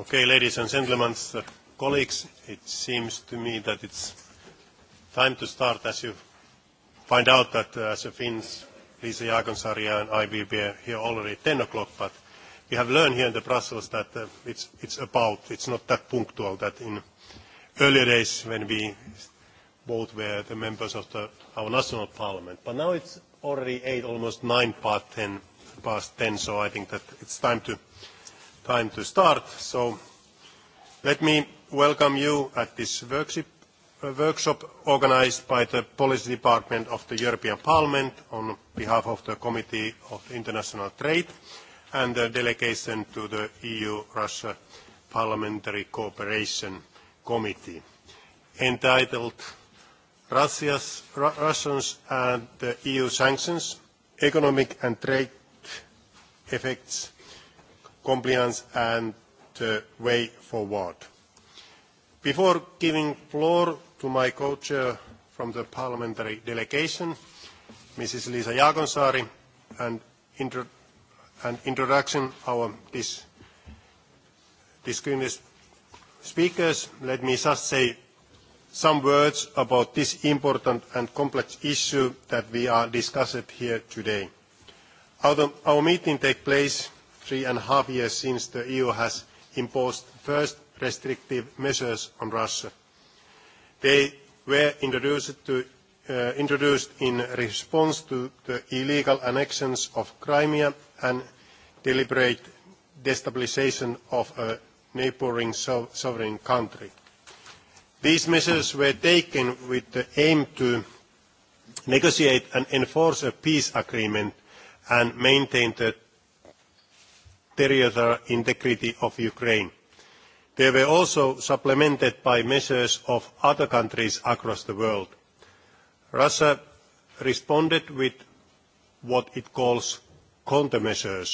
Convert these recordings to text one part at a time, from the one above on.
Okay, ladies and gentlemen, uh, colleagues, it seems to me that it's time to start as you find out that uh, as a Finns, Lisa Jaakonsaari and I will be here already at 10 o'clock, but we have learned here in the Brussels that uh, it's, it's about, it's not that punctual that in earlier days when we both were the members of our national parliament. But now it's already 8, almost nine past 10, past ten, so I think that it's time to time to start. So let me welcome you at this workshop, uh, workshop organized by the Policy Department of the European Parliament on behalf of the Committee of International Trade and the delegation to the EU-Russia Parliamentary Cooperation Committee entitled Russia's, Russians and the EU sanctions, economic and trade effects compliance and the uh, way forward. Before giving floor to my co-chair from the parliamentary delegation, Mrs. Lisa Jaakonsaari, and, introduction our distinguished speakers, let me just say some words about this important and complex issue that we are discussing here today. Our, our meeting takes place three and a half years since the EU has imposed first restrictive measures on Russia. They were introduced, uh, in response to the illegal annexions of Crimea and deliberate destabilisation of a neighbouring sovereign country. These measures were taken with the aim to negotiate and enforce a peace agreement and maintain the territorial integrity of Ukraine. They were also supplemented by measures of other countries across the world. Russia responded with what it calls countermeasures.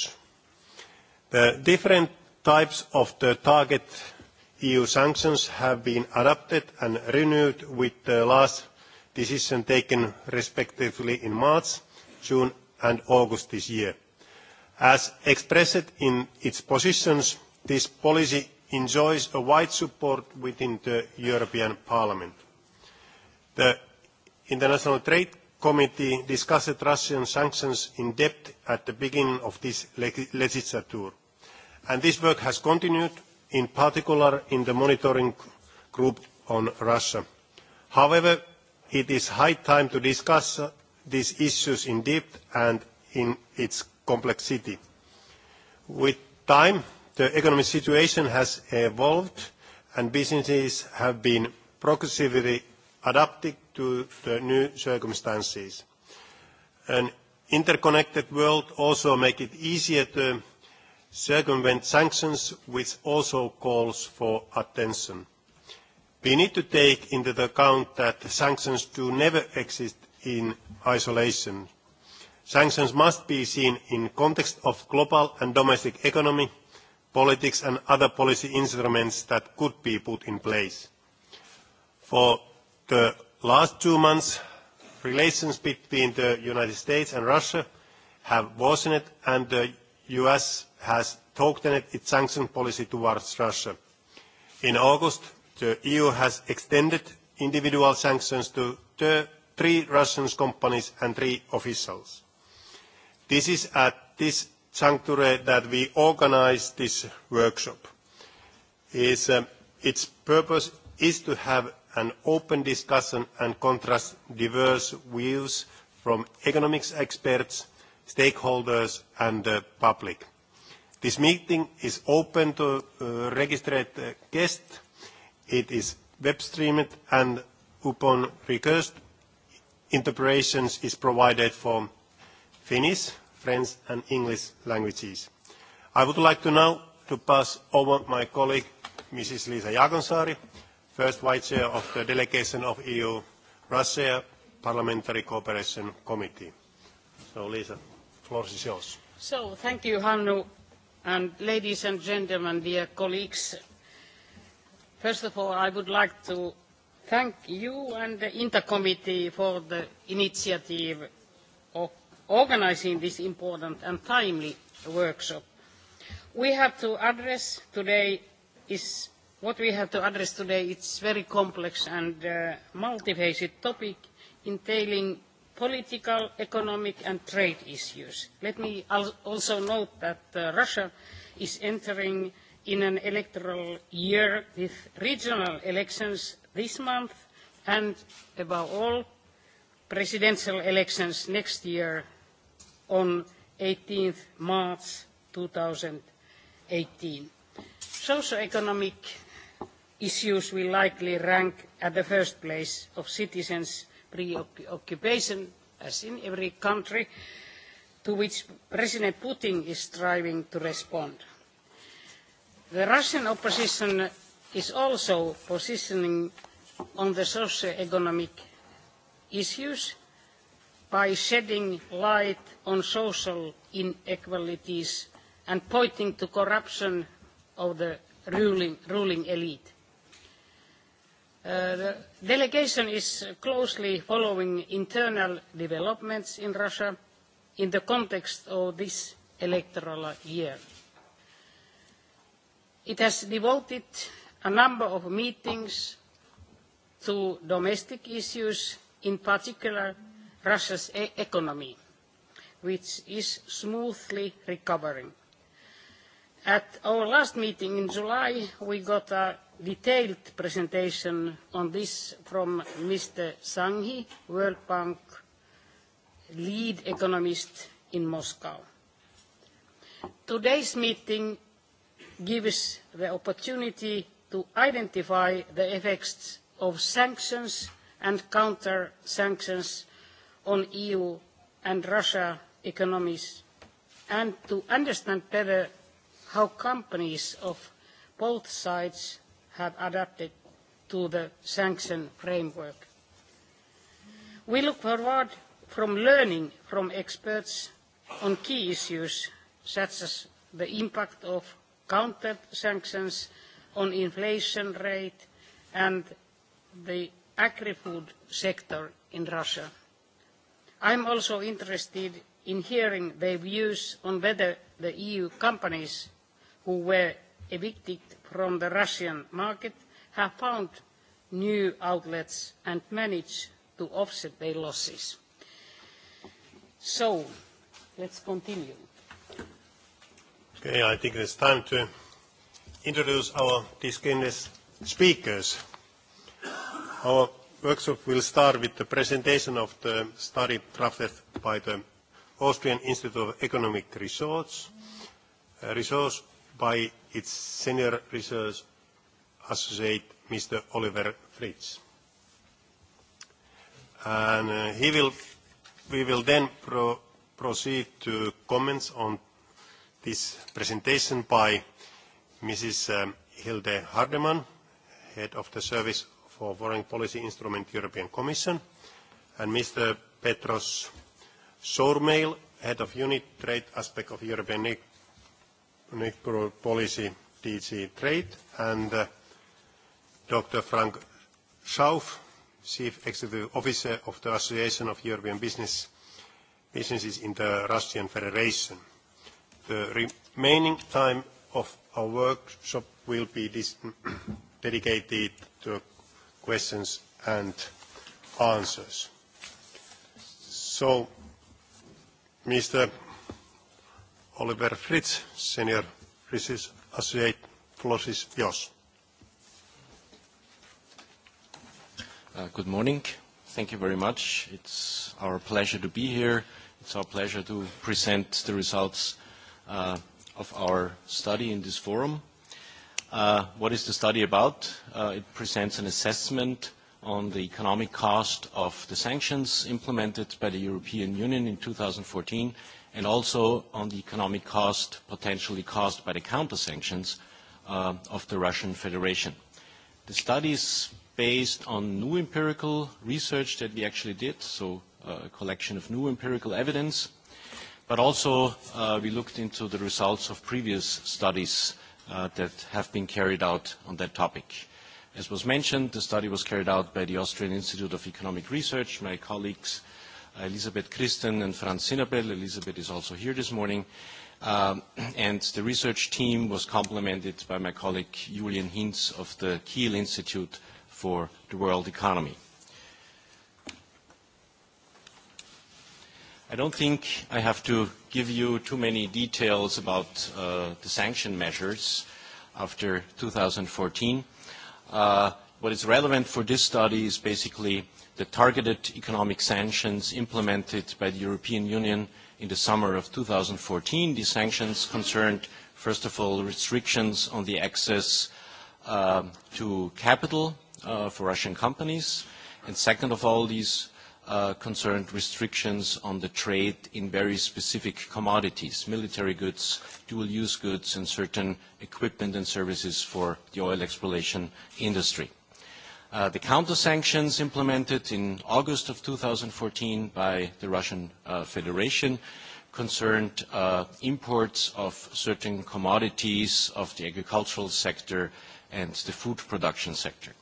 The different types of the target EU sanctions have been adopted and renewed with the last decision taken respectively in March, June and August this year. As expressed in its positions, this policy enjoys a wide support within the European Parliament. The International Trade Committee discussed Russian sanctions in depth at the beginning of this legislature, and this work has continued, in particular in the monitoring group on Russia. However, it is high time to discuss uh, these issues in depth and in its complexity. With time, the economic situation has evolved and businesses have been progressively adapted to the new circumstances. An interconnected world also makes it easier to circumvent sanctions, which also calls for attention. We need to take into account that sanctions do never exist in isolation sanctions must be seen in the context of global and domestic economy politics and other policy instruments that could be put in place. for the last two months relations between the united states and russia have worsened and the us has tightened its sanction policy towards russia. in august the eu has extended individual sanctions to three russian companies and three officials This is at this sanctuary that we organize this workshop. Um, its purpose is to have an open discussion and contrast diverse views from economics experts, stakeholders and the public. This meeting is open to uh, registered uh, guests. It is web streamed and upon request interpretations is provided for Finnish, French and English languages. I would like to now to pass over my colleague, Mrs. Lisa Jaakonsaari, first Vice Chair of the Delegation of EU-Russia Parliamentary Cooperation Committee. So, Lisa, floor is yours. So, thank you, Hannu, and ladies and gentlemen, dear colleagues. First of all, I would like to thank you and the Intercommittee Committee for the initiative of organising this important and timely workshop. We have to address today is what we have to address today is very complex and uh, multifaceted topic entailing political, economic and trade issues. Let me also note that uh, Russia is entering in an electoral year with regional elections this month and above all presidential elections next year on 18 March 2018. Socioeconomic issues will likely rank at the first place of citizens' preoccupation, as in every country, to which President Putin is striving to respond. The Russian opposition is also positioning on the socioeconomic issues by shedding light on social inequalities and pointing to corruption of the ruling, ruling elite. Uh, the delegation is closely following internal developments in Russia in the context of this electoral year. It has devoted a number of meetings to domestic issues, in particular Russia's e-, economy which is smoothly recovering. At our last meeting in July, we got a detailed presentation on this from Mr. Sanghi, World Bank lead economist in Moscow. Today's meeting gives the opportunity to identify the effects of sanctions and counter sanctions on EU and Russia economies and to understand better how companies of both sides have adapted to the sanction framework. We look forward from learning from experts on key issues such as the impact of counter sanctions on inflation rate and the agri-food sector in Russia i am also interested in hearing their views on whether the eu companies who were evicted from the russian market have found new outlets and managed to offset their losses. so let's continue. okay i think it's time to introduce our distinguished speakers. our workshop will start with the presentation of the study drafted by the Austrian Institute of Economic Research, uh, research by its senior research associate, Mr. Oliver Fritz. And uh, he will, we will then proceed to comments on this presentation by Mrs. Um, Hilde Hardeman, head of the Service for Foreign Policy Instrument European Commission, and Mr. Petros Sourmail, Head of Unit Trade Aspect of European Policy DG Trade, and uh, Dr. Frank Schauf, Chief Executive Officer of the Association of European Business, Businesses in the Russian Federation. The remaining time of our workshop will be dedicated to questions and answers. So, Mr. Oliver Fritz, Senior Research Associate, floor is yours. Uh, good morning. Thank you very much. It's our pleasure to be here. It's our pleasure to present the results uh, of our study in this forum. Uh, what is the study about? Uh, it presents an assessment on the economic cost of the sanctions implemented by the European Union in 2014 and also on the economic cost potentially caused by the counter-sanctions uh, of the Russian Federation. The study is based on new empirical research that we actually did, so uh, a collection of new empirical evidence, but also uh, we looked into the results of previous studies Uh, that have been carried out on that topic. As was mentioned, the study was carried out by the Austrian Institute of Economic Research, my colleagues uh, Elisabeth Christen and Franz Sinnerbell. Elisabeth is also here this morning. Um, and the research team was complemented by my colleague Julian Hinz of the Kiel Institute for the World Economy. I don't think I have to give you too many details about uh, the sanction measures after 2014. Uh, what is relevant for this study is basically the targeted economic sanctions implemented by the European Union in the summer of 2014. These sanctions concerned, first of all, restrictions on the access uh, to capital uh, for Russian companies. And second of all, these Uh, concerned restrictions on the trade in very specific commodities, military goods, dual-use goods, and certain equipment and services for the oil exploration industry. Uh, the counter-sanctions implemented in August of 2014 by the Russian uh, Federation concerned imports of certain commodities of the agricultural sector and the food production sector.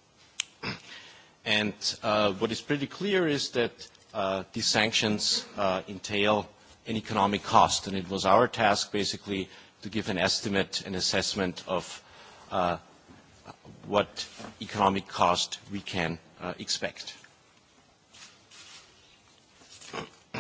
And uh, what is pretty clear is that uh, these sanctions uh, entail an economic cost, and it was our task basically to give an estimate, an assessment of uh, what economic cost we can uh, expect.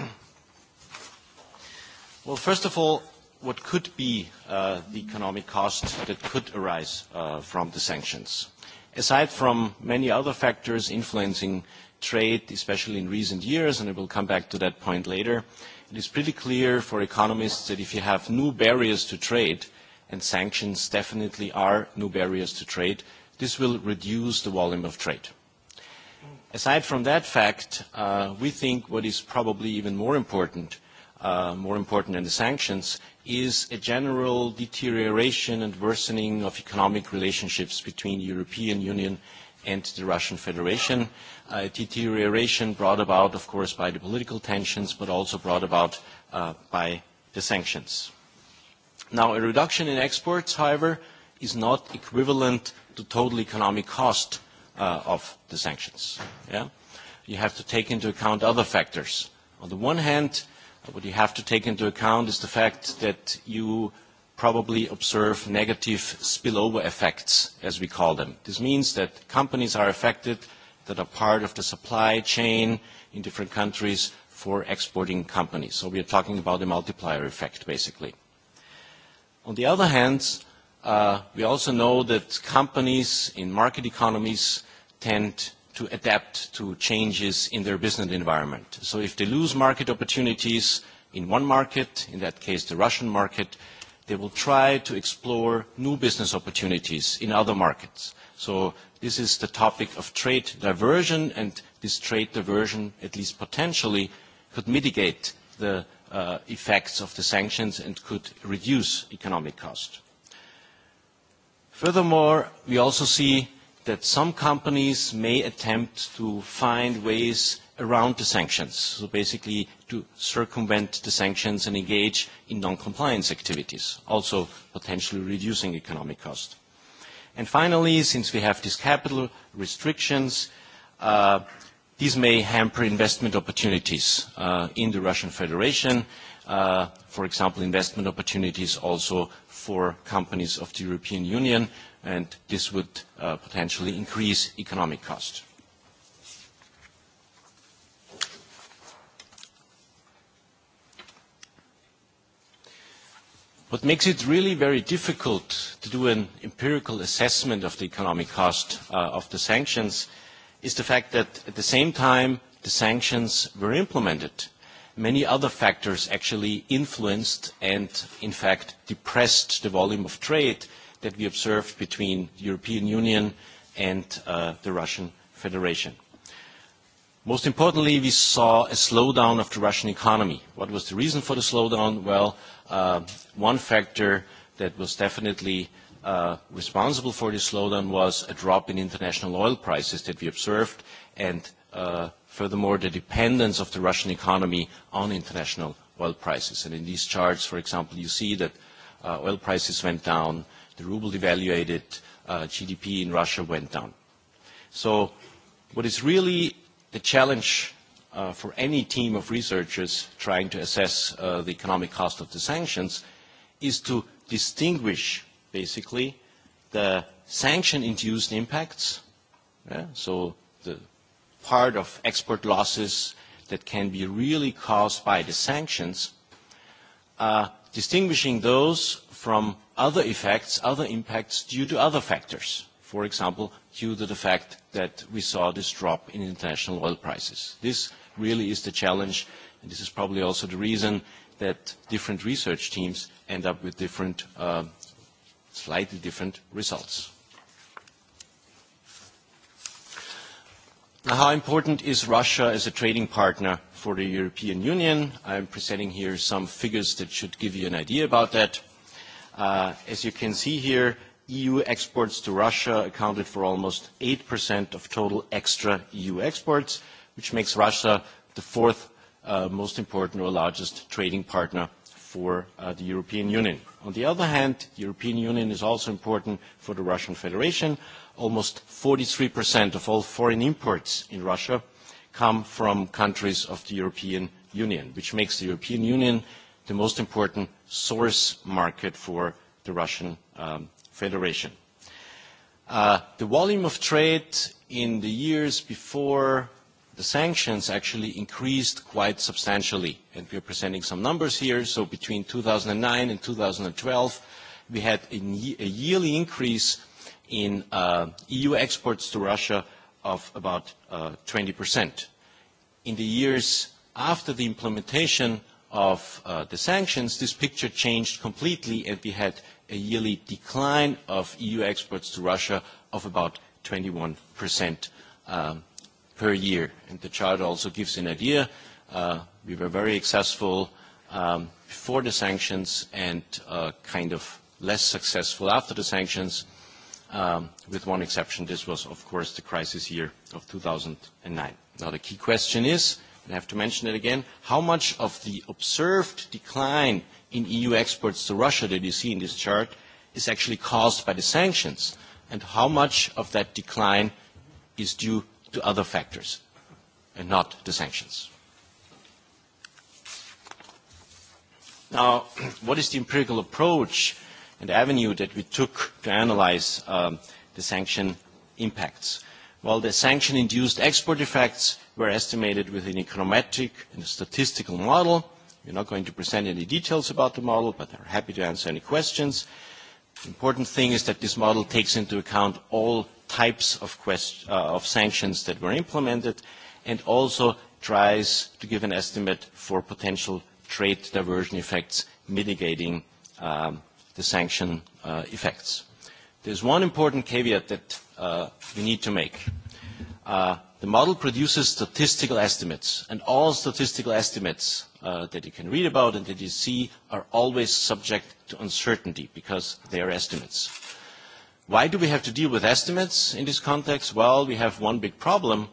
well, first of all, what could be uh, the economic cost that could arise uh, from the sanctions? aside from many other factors influencing trade, especially in recent years, and I will come back to that point later, it is pretty clear for economists that if you have new barriers to trade, and sanctions definitely are new barriers to trade, this will reduce the volume of trade. Aside from that fact, uh, we think what is probably even more important, uh, more important than the sanctions, is a general deterioration and worsening of economic relationships between the European Union and the Russian Federation. a uh, deterioration brought about, of course, by the political tensions, but also brought about uh, by the sanctions. Now, a reduction in exports, however, is not equivalent to total economic cost uh, of the sanctions. Yeah? You have to take into account other factors. On the one hand, What you have to take into account is the fact that you probably observe negative spillover effects, as we call them. This means that companies are affected that are part of the supply chain in different countries for exporting companies. So we are talking about the multiplier effect, basically. On the other hand, uh, we also know that companies in market economies tend to adapt to changes in their business environment. So if they lose market opportunities in one market, in that case the Russian market, they will try to explore new business opportunities in other markets. So this is the topic of trade diversion, and this trade diversion, at least potentially, could mitigate the uh, effects of the sanctions and could reduce economic cost. Furthermore, we also see that some companies may attempt to find ways around the sanctions, so basically to circumvent the sanctions and engage in non-compliance activities, also potentially reducing economic cost. And finally, since we have these capital restrictions, uh, these may hamper investment opportunities uh, in the Russian Federation, uh, for example, investment opportunities also for companies of the European Union, and this would uh, potentially increase economic cost. What makes it really very difficult to do an empirical assessment of the economic cost uh, of the sanctions is the fact that at the same time the sanctions were implemented, many other factors actually influenced and in fact depressed the volume of trade that we observed between the European Union and uh, the Russian Federation. Most importantly, we saw a slowdown of the Russian economy. What was the reason for the slowdown? Well, uh, one factor that was definitely uh, responsible for this slowdown was a drop in international oil prices that we observed, and uh, furthermore, the dependence of the Russian economy on international oil prices. And in these charts, for example, you see that uh, oil prices went down the ruble devaluated, uh, GDP in Russia went down. So what is really the challenge uh, for any team of researchers trying to assess uh, the economic cost of the sanctions is to distinguish basically the sanction-induced impacts, yeah, so the part of export losses that can be really caused by the sanctions, uh, distinguishing those from other effects, other impacts due to other factors. For example, due to the fact that we saw this drop in international oil prices. This really is the challenge, and this is probably also the reason that different research teams end up with different, uh, slightly different results. Now, how important is Russia as a trading partner for the European Union? I'm presenting here some figures that should give you an idea about that. Uh, as you can see here, EU exports to Russia accounted for almost 8% of total extra EU exports, which makes Russia the fourth uh, most important or largest trading partner for uh, the European Union. On the other hand, the European Union is also important for the Russian Federation. Almost 43% of all foreign imports in Russia come from countries of the European Union, which makes the European Union the most important source market for the Russian um, Federation. Uh, the volume of trade in the years before the sanctions actually increased quite substantially. And we are presenting some numbers here. So between 2009 and 2012, we had a, a yearly increase in uh, EU exports to Russia of about uh, 20%. In the years after the implementation of uh, the sanctions, this picture changed completely and we had a yearly decline of EU exports to Russia of about 21% um, per year. And the chart also gives an idea. Uh, we were very successful um, before the sanctions and uh, kind of less successful after the sanctions. Um, with one exception, this was, of course, the crisis year of 2009. Now, the key question is, i have to mention it again, how much of the observed decline in EU exports to Russia that you see in this chart is actually caused by the sanctions, and how much of that decline is due to other factors and not the sanctions. Now, what is the empirical approach and avenue that we took to analyze um, the sanction impacts? while the sanction-induced export effects were estimated with an econometric and statistical model. We're not going to present any details about the model, but are happy to answer any questions. The important thing is that this model takes into account all types of, uh, sanctions that were implemented and also tries to give an estimate for potential trade diversion effects mitigating um, the sanction uh, effects. There's one important caveat that uh, we need to make. Uh, the model produces statistical estimates, and all statistical estimates uh, that you can read about and that you see are always subject to uncertainty because they are estimates. Why do we have to deal with estimates in this context? Well, we have one big problem.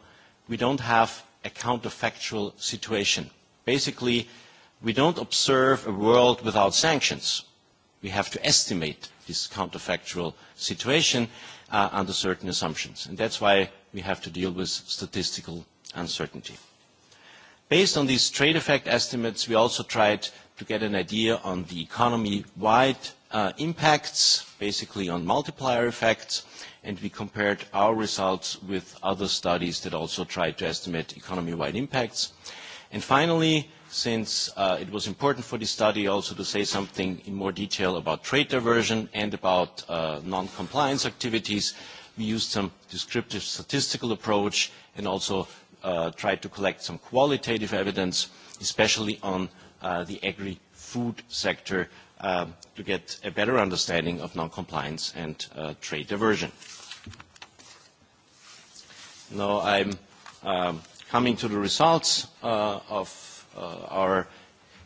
We don't have a counterfactual situation. Basically, we don't observe a world without sanctions. We have to estimate this counterfactual situation uh, under certain assumptions. And that's why we have to deal with statistical uncertainty. Based on these trade effect estimates, we also tried to get an idea on the economy-wide uh, impacts, basically on multiplier effects, and we compared our results with other studies that also tried to estimate economy-wide impacts. And finally, since uh, it was important for this study also to say something in more detail about trade diversion and about uh, non-compliance activities. We used some descriptive statistical approach and also uh, tried to collect some qualitative evidence, especially on the agri-food sector, um, to get a better understanding of non-compliance and trade diversion. Now I'm um, coming to the results of Uh, our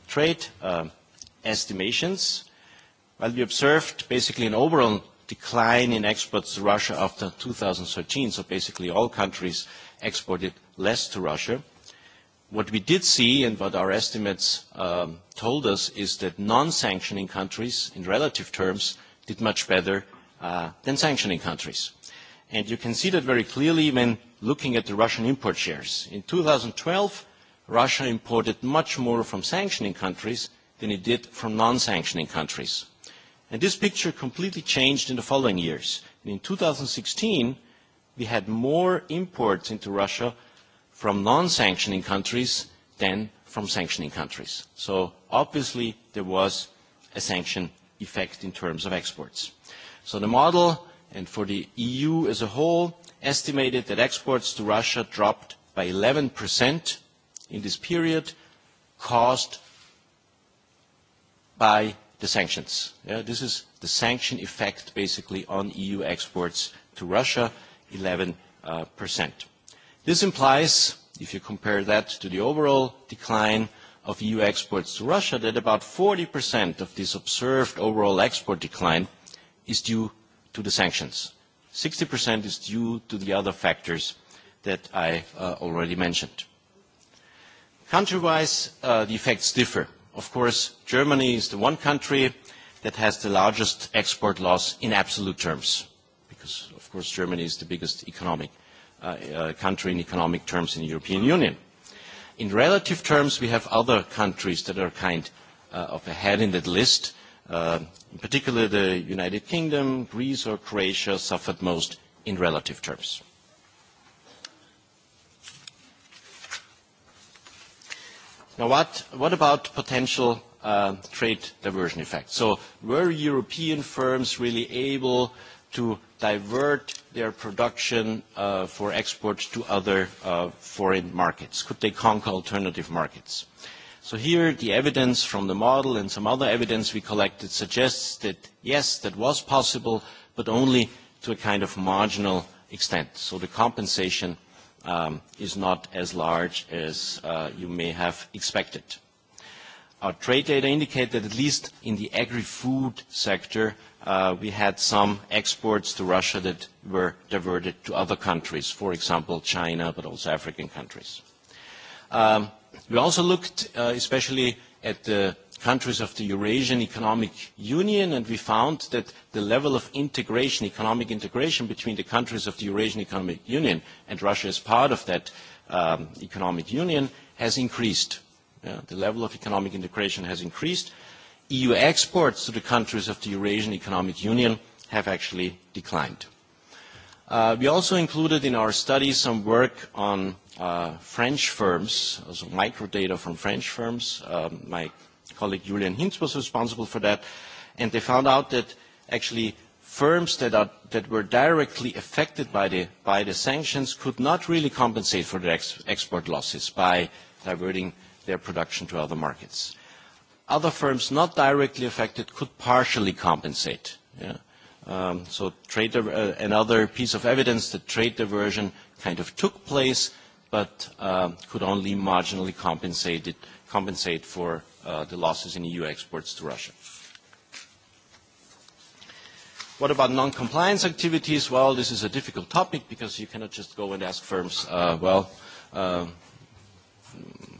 trade uh, estimations. While we observed basically an overall decline in exports to Russia after 2013, so basically all countries exported less to Russia, what we did see and what our estimates um, told us is that non-sanctioning countries, in relative terms, did much better uh, than sanctioning countries. And you can see that very clearly when looking at the Russian import shares. In 2012, Russia imported much more from sanctioning countries than it did from non-sanctioning countries. And this picture completely changed in the following years. And in 2016, we had more imports into Russia from non-sanctioning countries than from sanctioning countries. So obviously, there was a sanction effect in terms of exports. So the model, and for the EU as a whole, estimated that exports to Russia dropped by 11% in this period caused by the sanctions. Yeah, this is the sanction effect basically on EU exports to Russia, 11%. Uh, This implies, if you compare that to the overall decline of EU exports to Russia, that about 40% of this observed overall export decline is due to the sanctions. 60% is due to the other factors that I uh, already mentioned. Country-wise, uh, the effects differ. Of course, Germany is the one country that has the largest export loss in absolute terms, because, of course, Germany is the biggest economic uh, uh, country in economic terms in the European Union. In relative terms, we have other countries that are kind of ahead in that list. In particular, the United Kingdom, Greece, or Croatia suffered most in relative terms. Now, what, what about potential uh, trade diversion effects? So were European firms really able to divert their production uh, for export to other uh, foreign markets? Could they conquer alternative markets? So here, the evidence from the model and some other evidence we collected suggests that, yes, that was possible, but only to a kind of marginal extent. So the compensation Um, is not as large as uh, you may have expected. Our trade data indicate that at least in the agri-food sector, uh, we had some exports to Russia that were diverted to other countries, for example, China, but also African countries. Um, we also looked uh, especially at the countries of the Eurasian Economic Union, and we found that the level of integration, economic integration between the countries of the Eurasian Economic Union, and Russia as part of that um, economic union, has increased. the level of economic integration has increased. EU exports to the countries of the Eurasian Economic Union have actually declined. Uh, we also included in our study some work on uh, French firms, also microdata from French firms. Um, my colleague Julian Hinz was responsible for that, and they found out that actually firms that, are, that were directly affected by the, by the sanctions could not really compensate for their ex export losses by diverting their production to other markets. Other firms not directly affected could partially compensate. Um, so trade, uh, another piece of evidence that trade diversion kind of took place, but uh, could only marginally compensate, it, compensate for Uh, the losses in EU exports to Russia. What about non-compliance activities? Well, this is a difficult topic because you cannot just go and ask firms, uh, well, uh,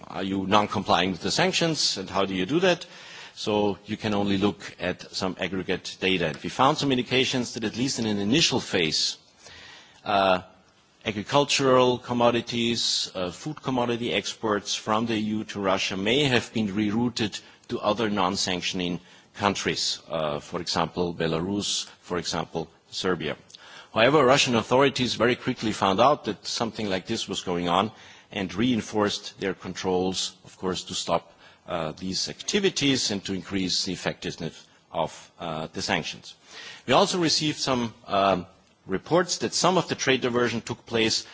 are you non-complying with the sanctions and how do you do that? So you can only look at some aggregate data. We found some indications that at least in an initial phase, uh, agricultural commodities, uh, food commodity exports from the EU to Russia may have been rerouted to other non-sanctioning countries, uh, for example, Belarus, for example, Serbia. However, Russian authorities very quickly found out that something like this was going on and reinforced their controls, of course, to stop uh, these activities and to increase the effectiveness of the sanctions. We also received some um, reports that some of the trade diversion took place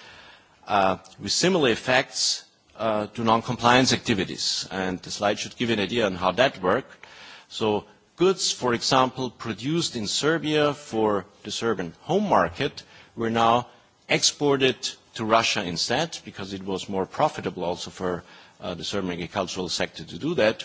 uh, with similar effects uh, to non-compliance activities. And the slide should give you an idea on how that worked. So goods, for example, produced in Serbia for the Serbian home market were now exported to Russia instead because it was more profitable also for uh, the Serbian agricultural sector to do that.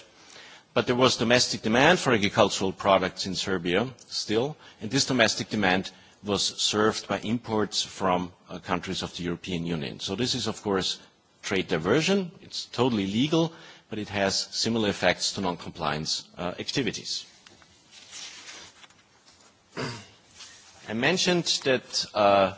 But there was domestic demand for agricultural products in Serbia still, and this domestic demand was served by imports from uh, countries of the European Union. So this is, of course, trade diversion. It's totally legal, but it has similar effects to non-compliance uh, activities. I mentioned that uh,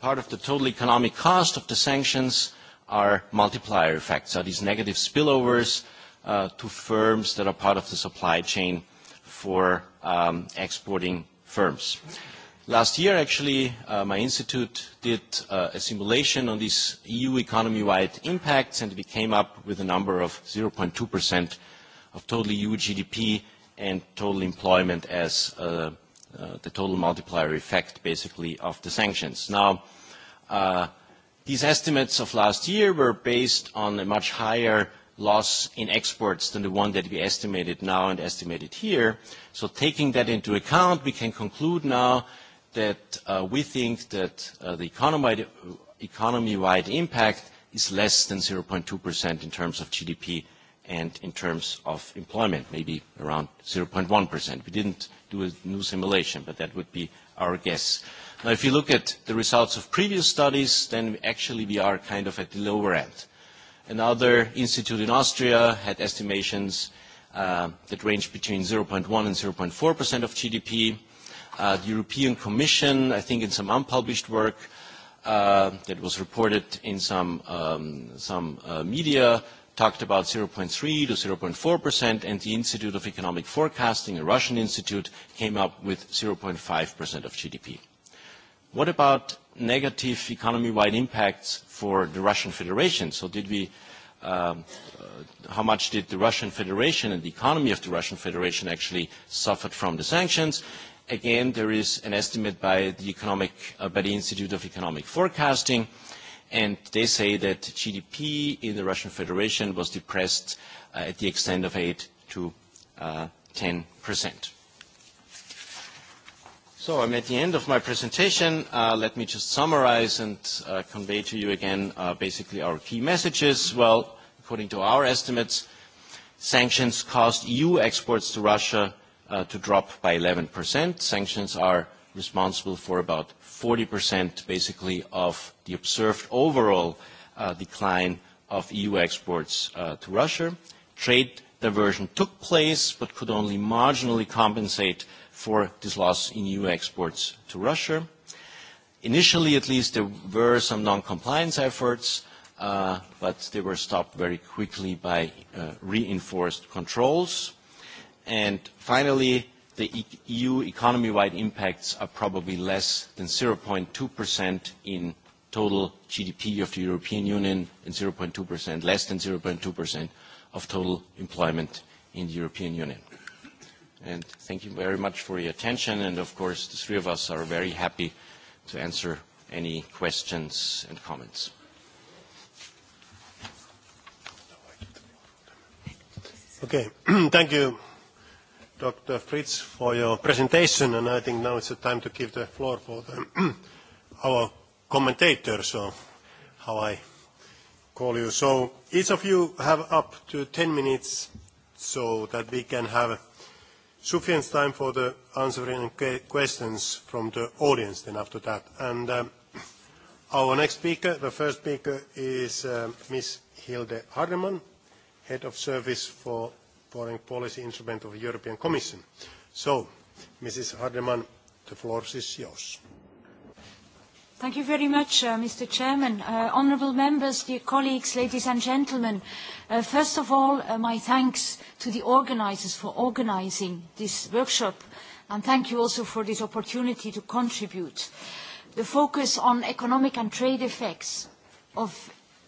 part of the total economic cost of the sanctions are multiplier effects, so these negative spillovers uh, to firms that are part of the supply chain for um, exporting firms. Last year, actually, uh, my institute did uh, a simulation on these EU economy-wide impacts, and we came up with a number of 0.2% of total EU GDP and total employment as uh, uh, the total multiplier effect, basically, of the sanctions. Now, uh, these estimates of last year were based on a much higher loss in exports than the one that we estimated now and estimated here. So taking that into account, we can conclude now that uh, we think that uh, the economy-wide impact is less than 0.2% in terms of GDP and in terms of employment, maybe around 0.1%. We didn't do a new simulation, but that would be our guess. Now, if you look at the results of previous studies, then actually we are kind of at the lower end. Another institute in Austria had estimations uh, that range between 0.1 and 0.4% of GDP the European Commission, I think in some unpublished work uh, that was reported in some, um, some uh, media, talked about 0.3 to 0.4%, and the Institute of Economic Forecasting, a Russian institute, came up with 0.5% of GDP. What about negative economy-wide impacts for the Russian Federation? So did we, um, uh, how much did the Russian Federation and the economy of the Russian Federation actually suffer from the sanctions? Again, there is an estimate by the, economic, uh, by the Institute of Economic Forecasting, and they say that GDP in the Russian Federation was depressed uh, at the extent of 8 to 10%. Uh, so I'm at the end of my presentation. let me just summarize and convey to you again basically our key messages. Well, according to our estimates, sanctions cost EU exports to Russia Uh, to drop by 11%. Sanctions are responsible for about 40% basically of the observed overall uh, decline of EU exports uh, to Russia. Trade diversion took place but could only marginally compensate for this loss in EU exports to Russia. Initially, at least, there were some non-compliance efforts, but they were stopped very quickly by reinforced controls. And finally, the EU e economy-wide impacts are probably less than 0.2% in total GDP of the European Union and 0.2%, less than 0.2% of total employment in the European Union. And thank you very much for your attention. And of course, the three of us are very happy to answer any questions and comments. Okay. thank you. Dr. Fritz, for your presentation, and I think now it's the time to give the floor for the our commentators, so how I call you. So each of you have up to 10 minutes so that we can have sufficient time for the answering questions from the audience then after that. And um, our next speaker, the first speaker is uh, Ms. Hilde Hardeman, Head of Service for foreign policy instrument of the European Commission. So, Mrs. Hardeman, the floor is yours. Thank you very much, uh, Mr. Chairman. Uh, honourable members, dear colleagues, ladies and gentlemen, uh, first of all, uh, my thanks to the organisers for organising this workshop, and thank you also for this opportunity to contribute. The focus on economic and trade effects of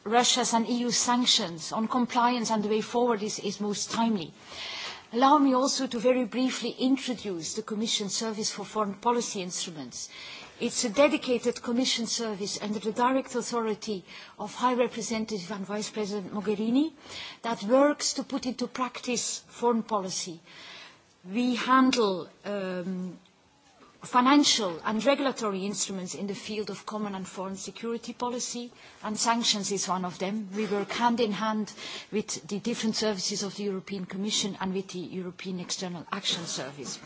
Russia's and EU sanctions on compliance and the way forward is, is most timely. Allow me also to very briefly introduce the Commission Service for Foreign Policy Instruments. It's a dedicated Commission service under the direct authority of High Representative and Vice President Mogherini that works to put into practice foreign policy. We handle um, financial and regulatory instruments in the field of common and foreign security policy, and sanctions is one of them. We work hand in hand with the different services of the European Commission and with the European External Action Service.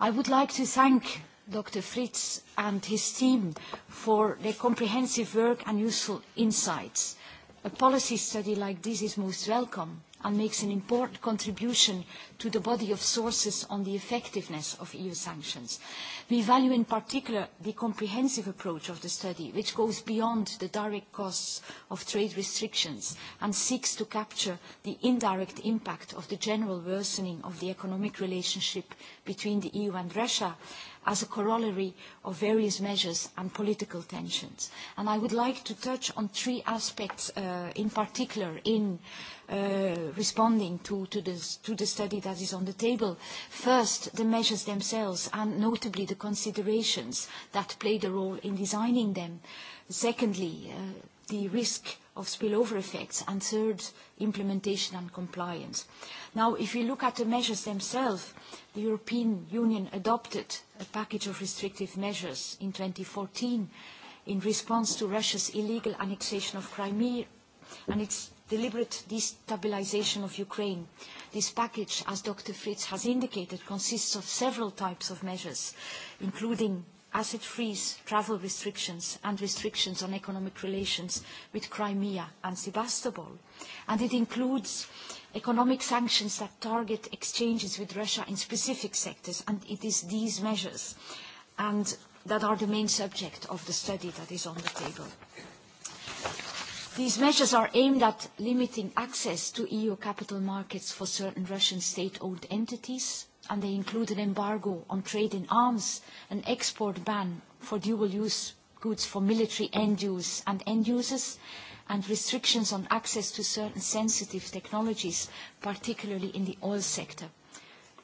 I would like to thank Dr. Fritz and his team for their comprehensive work and useful insights. A policy study like this is most welcome and makes an important contribution to the body of sources on the effectiveness of EU sanctions. We value in particular the comprehensive approach of the study, which goes beyond the direct costs of trade restrictions and seeks to capture the indirect impact of the general worsening of the economic relationship between the EU and Russia as a corollary of various measures and political tensions. And I would like to touch on three aspects uh, in particular in uh, responding to, to, this, to the study that is on the table. First, the measures themselves and notably the considerations that played a role in designing them. Secondly, uh, the risk of spillover effects, and third, implementation and compliance. Now, if you look at the measures themselves, the European Union adopted a package of restrictive measures in 2014 in response to Russia's illegal annexation of Crimea and its deliberate destabilization of Ukraine. This package, as Dr. Fritz has indicated, consists of several types of measures, including asset freeze, travel restrictions and restrictions on economic relations with Crimea and Sebastopol. And it includes economic sanctions that target exchanges with Russia in specific sectors. And it is these measures and that are the main subject of the study that is on the table. These measures are aimed at limiting access to EU capital markets for certain Russian state-owned entities, and they include an embargo on trade in arms, an export ban for dual-use goods for military end-use and end-users, and restrictions on access to certain sensitive technologies, particularly in the oil sector.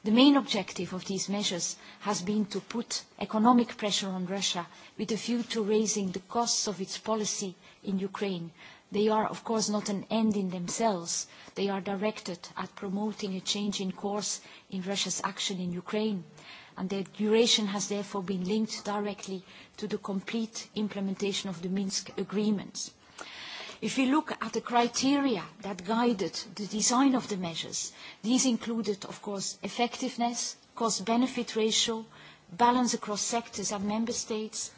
The main objective of these measures has been to put economic pressure on Russia with a view to raising the costs of its policy in Ukraine They are, of course, not an end in themselves. They are directed at promoting a change in course in Russia's action in Ukraine, and their duration has therefore been linked directly to the complete implementation of the Minsk agreements. If we look at the criteria that guided the design of the measures, these included, of course, effectiveness, cost-benefit ratio, balance across sectors and member states,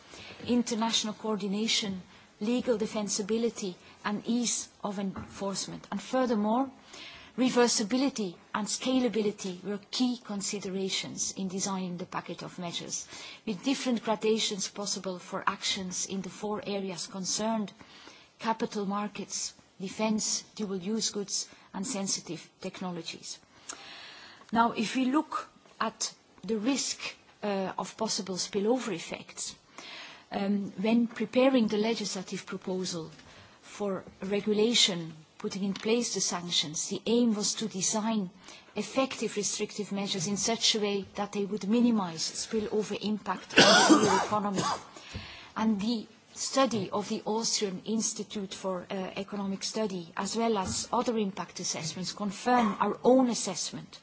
international coordination, legal defensibility and ease of enforcement. And furthermore, reversibility and scalability were key considerations in designing the packet of measures, with different gradations possible for actions in the four areas concerned, capital markets, defence, dual-use goods, and sensitive technologies. Now, if we look at the risk uh, of possible spillover effects, um, when preparing the legislative proposal for regulation, putting in place the sanctions, the aim was to design effective restrictive measures in such a way that they would minimize spillover impact on the EU economy. And the study of the Austrian Institute for uh, Economic Study, as well as other impact assessments, confirm our own assessment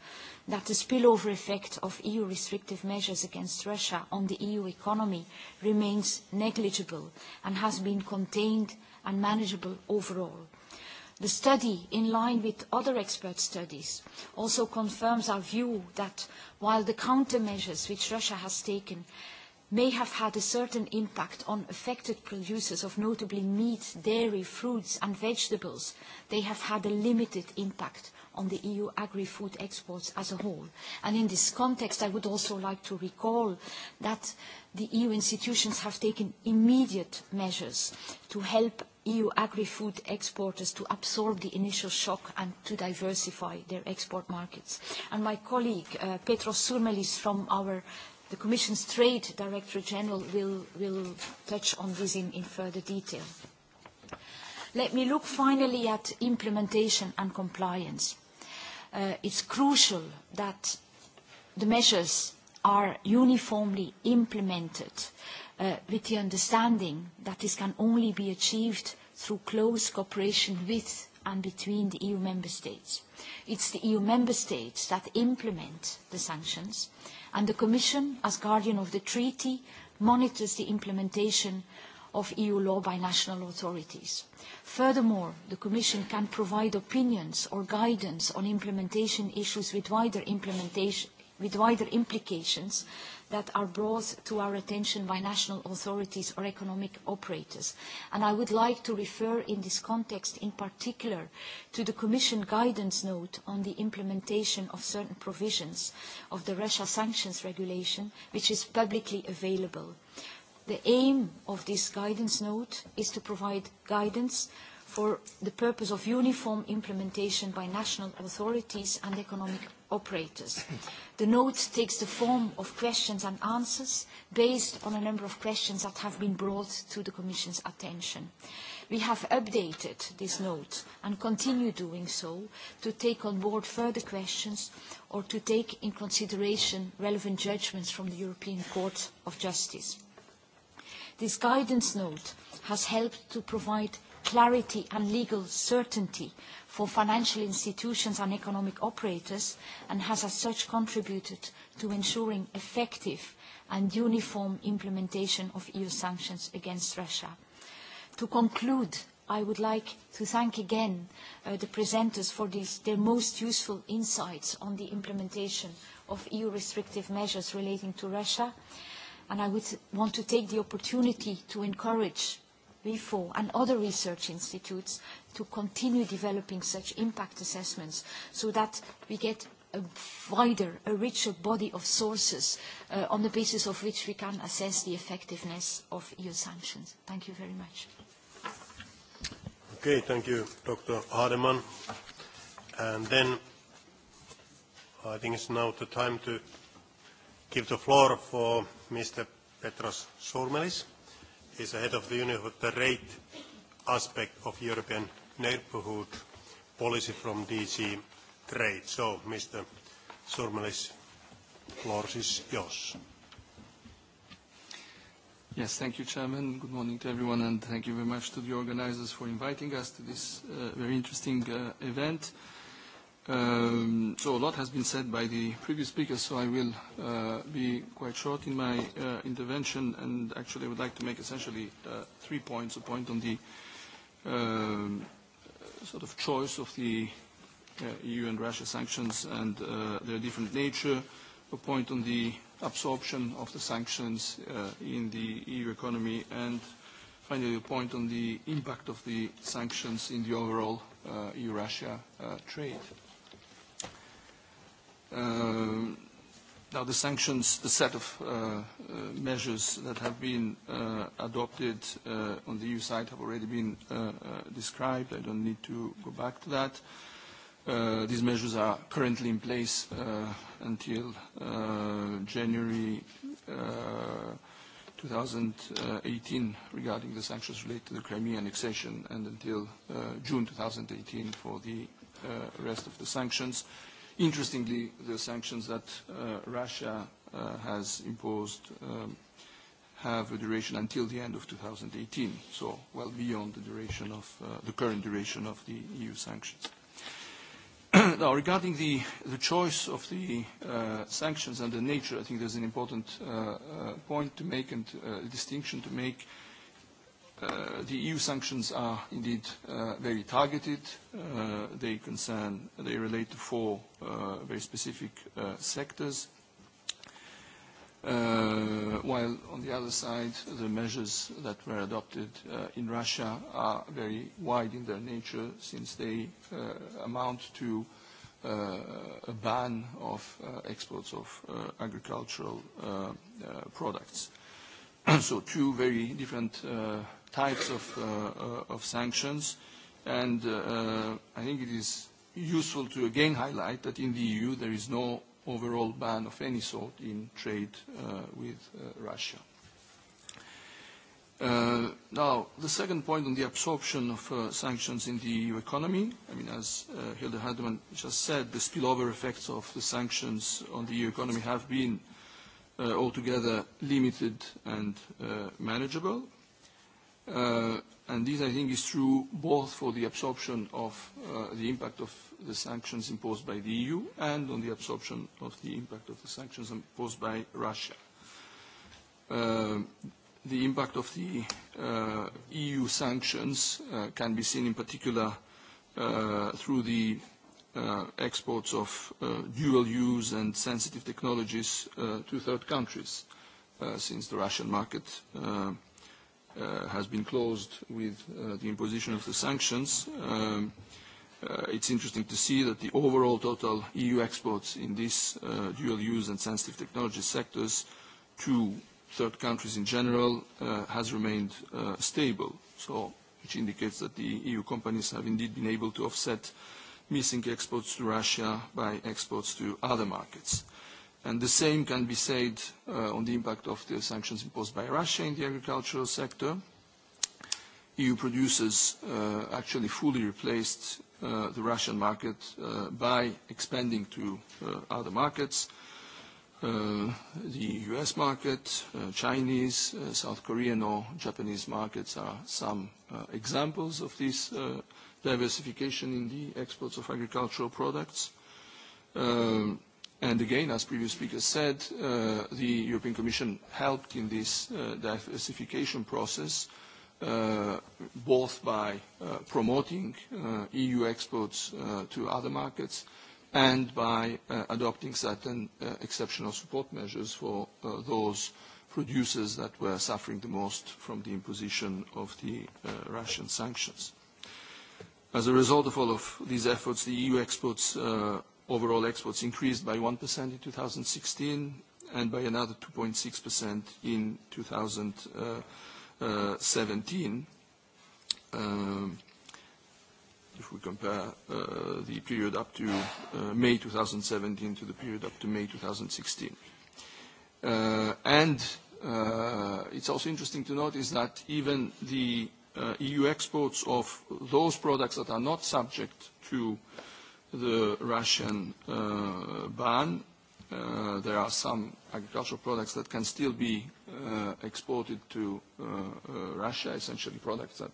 that the spillover effect of EU restrictive measures against Russia on the EU economy remains negligible and has been contained and manageable overall. The study, in line with other expert studies, also confirms our view that while the countermeasures which Russia has taken may have had a certain impact on affected producers of notably meat, dairy, fruits and vegetables, they have had a limited impact on the EU agri-food exports as a whole. And in this context, I would also like to recall that the EU institutions have taken immediate measures to help EU agri-food exporters to absorb the initial shock and to diversify their export markets. my colleague, uh, Petros Surmelis from our, the Commission's Trade Director General will, touch on this in, further detail. Let me look finally at implementation and compliance. Uh, it's crucial that the measures are uniformly implemented uh, with the understanding that this can only be achieved through close cooperation with and between the EU member states. It's the EU member states that implement the sanctions and the Commission, as guardian of the treaty, monitors the implementation of EU law by national authorities. Furthermore, the Commission can provide opinions or guidance on implementation issues with wider, implementation, with wider implications that are brought to our attention by national authorities or economic operators. And I would like to refer in this context in particular to the Commission guidance note on the implementation of certain provisions of the Russia sanctions regulation, which is publicly available. The aim of this guidance note is to provide guidance for the purpose of uniform implementation by national authorities and economic operators. The note takes the form of questions and answers based on a number of questions that have been brought to the Commission's attention. We have updated this note and continue doing so to take on board further questions or to take in consideration relevant judgments from the European Court of Justice. This guidance note has helped to provide clarity and legal certainty for financial institutions and economic operators and has as such contributed to ensuring effective and uniform implementation of EU sanctions against Russia. To conclude, I would like to thank again uh, the presenters for these, their most useful insights on the implementation of EU restrictive measures relating to Russia. And I would want to take the opportunity to encourage WIFO and other research institutes to continue developing such impact assessments so that we get a wider, a richer body of sources uh, on the basis of which we can assess the effectiveness of EU sanctions. Thank you very much. Okay, thank you, Dr. Hardeman. And then I think it's now the time to give the floor for Mr. Petros Sourmelis is ahead of the Union the rate aspect of European neighborhood policy from DG Trade. So, Mr. Surmelis, floor is yours. Yes, thank you, Chairman. Good morning to everyone, and thank you very much to the organizers for inviting us to this uh, very interesting uh, event. Um, so a lot has been said by the previous speaker, so I will uh, be quite short in my uh, intervention, and actually I would like to make essentially uh, three points. A point on the um, sort of choice of the uh, EU and Russia sanctions and uh, their different nature, a point on the absorption of the sanctions uh, in the EU economy, and finally a point on the impact of the sanctions in the overall EU-Russia trade. Um, now the sanctions, the set of uh, uh, measures that have been uh, adopted on the EU side have already been described. I don't need to go back to that. These measures are currently in place until January 2018 regarding the sanctions related to the Crimean annexation and until June 2018 for the rest of the sanctions. Interestingly, the sanctions that uh, Russia uh, has imposed um, have a duration until the end of 2018, so well beyond the duration of uh, the current duration of the EU sanctions. now, regarding the, the choice of the uh, sanctions and the nature, I think there's an important uh, uh point to make and a distinction to make Uh, the EU sanctions are indeed uh, very targeted. Uh, they concern, they relate to four very specific sectors. While on the other side, the measures that were adopted in Russia are very wide in their nature since they amount to a ban of exports of agricultural products. so two very different types of, uh, uh, of sanctions. And uh, I think it is useful to again highlight that in the EU there is no overall ban of any sort in trade with Russia. Now, the second point on the absorption of sanctions in the EU economy. I mean, as Hilde Hardeman just said, the spillover effects of the sanctions on the EU economy have been altogether limited and manageable. Uh, and this, I think, is true both for the absorption of uh, the impact of the sanctions imposed by the EU and on the absorption of the impact of the sanctions imposed by Russia. Uh, the impact of the EU sanctions can be seen in particular through the exports of dual-use and sensitive technologies to third countries, since the Russian market Uh, has been closed with uh, the imposition of the sanctions, um, uh, it's interesting to see that the overall total EU exports in these uh, dual-use and sensitive technology sectors to third countries in general uh, has remained stable, so which indicates that the EU companies have indeed been able to offset missing exports to Russia by exports to other markets the same can be said uh, on the impact of the sanctions imposed by Russia in the agricultural sector. EU producers uh, actually fully replaced uh, the Russian market by expanding to other markets, the US market, Chinese, South Korean or Japanese markets are some examples of this diversification in the exports of agricultural products. Um, again, as previous speakers said, uh, the European Commission helped in this uh, diversification process, uh, both by promoting EU exports to other markets and by adopting certain exceptional support measures for those producers that were suffering the most from the imposition of the Russian sanctions. As a result of all of these efforts, the EU exports Overall exports increased by 1% in 2016 and by another 2.6% in 2017. Um, if we compare uh, the period up to uh, May 2017 to the period up to May 2016. Uh, and it's also interesting to notice that even the EU exports of those products that are not subject to the Russian uh, ban. Uh, there are some agricultural products that can still be uh, exported to Russia, essentially products that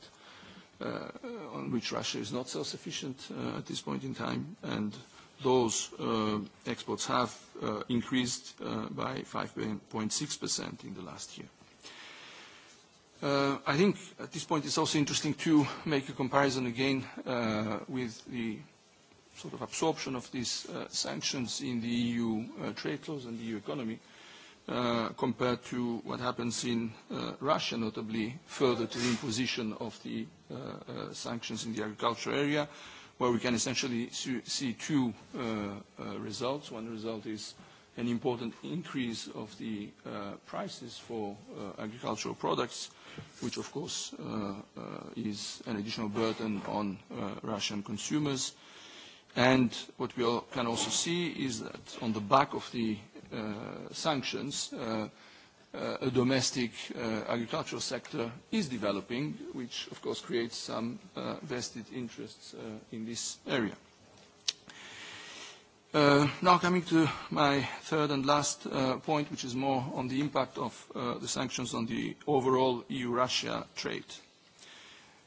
on which Russia is not self-sufficient at this point in time, and those exports have increased by 5.6% in the last year. I think at this point it's also interesting to make a comparison again with the sort of absorption of these uh, sanctions in the EU uh, trade flows and the EU economy uh, compared to what happens in uh, Russia, notably further to the imposition of the uh, uh, sanctions in the agriculture area, where we can essentially see two results. One result is an important increase of the prices for agricultural products, which of course is an additional burden on Russian consumers. And what we can also see is that on the back of the uh, sanctions, uh, uh, a domestic agricultural sector is developing, which of course creates some vested interests in this area. Now coming to my third and last point, which is more on the impact of the sanctions on the overall EU-Russia trade.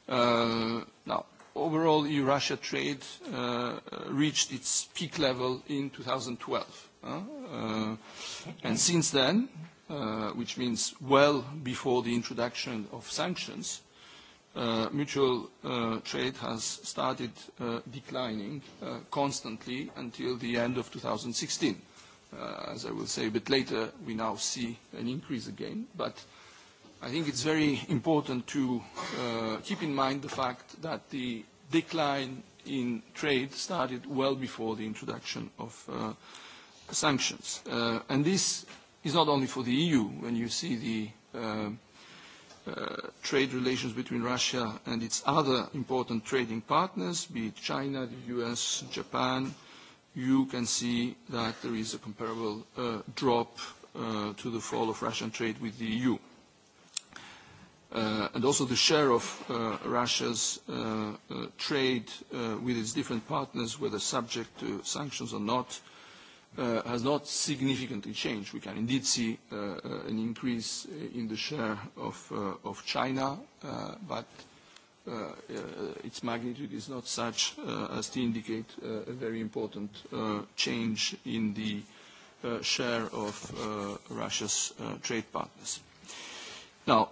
Now, overall EU-Russia trade uh, reached its peak level in 2012. Uh, and since then, uh, which means well before the introduction of sanctions, mutual trade has started declining constantly until the end of 2016. As I will say a bit later, we now see an increase again, but i think it's very important to uh, keep in mind the fact that the decline in trade started well before the introduction of uh, sanctions. Uh, and this is not only for the EU. When you see the trade relations between Russia and its other important trading partners, be it China, the US, Japan, you can see that there is a comparable drop to the fall of Russian trade with the EU. Uh, and also the share of uh, Russia's uh, trade with its different partners, whether subject to sanctions or not, has not significantly changed. We can indeed see an increase in the share of, of China, but its magnitude is not such as to indicate a very important change in the share of Russia's trade partners. Now,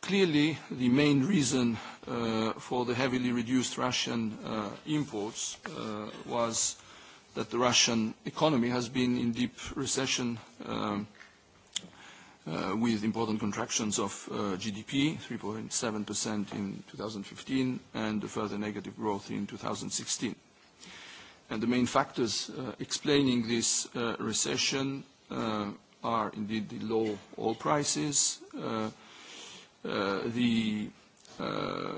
Clearly, the main reason uh, for the heavily reduced Russian uh, imports uh, was that the Russian economy has been in deep recession um, with important contractions of GDP, 3.7% in 2015 and a further negative growth in 2016. And the main factors explaining this recession are indeed the low oil prices, Uh, the uh,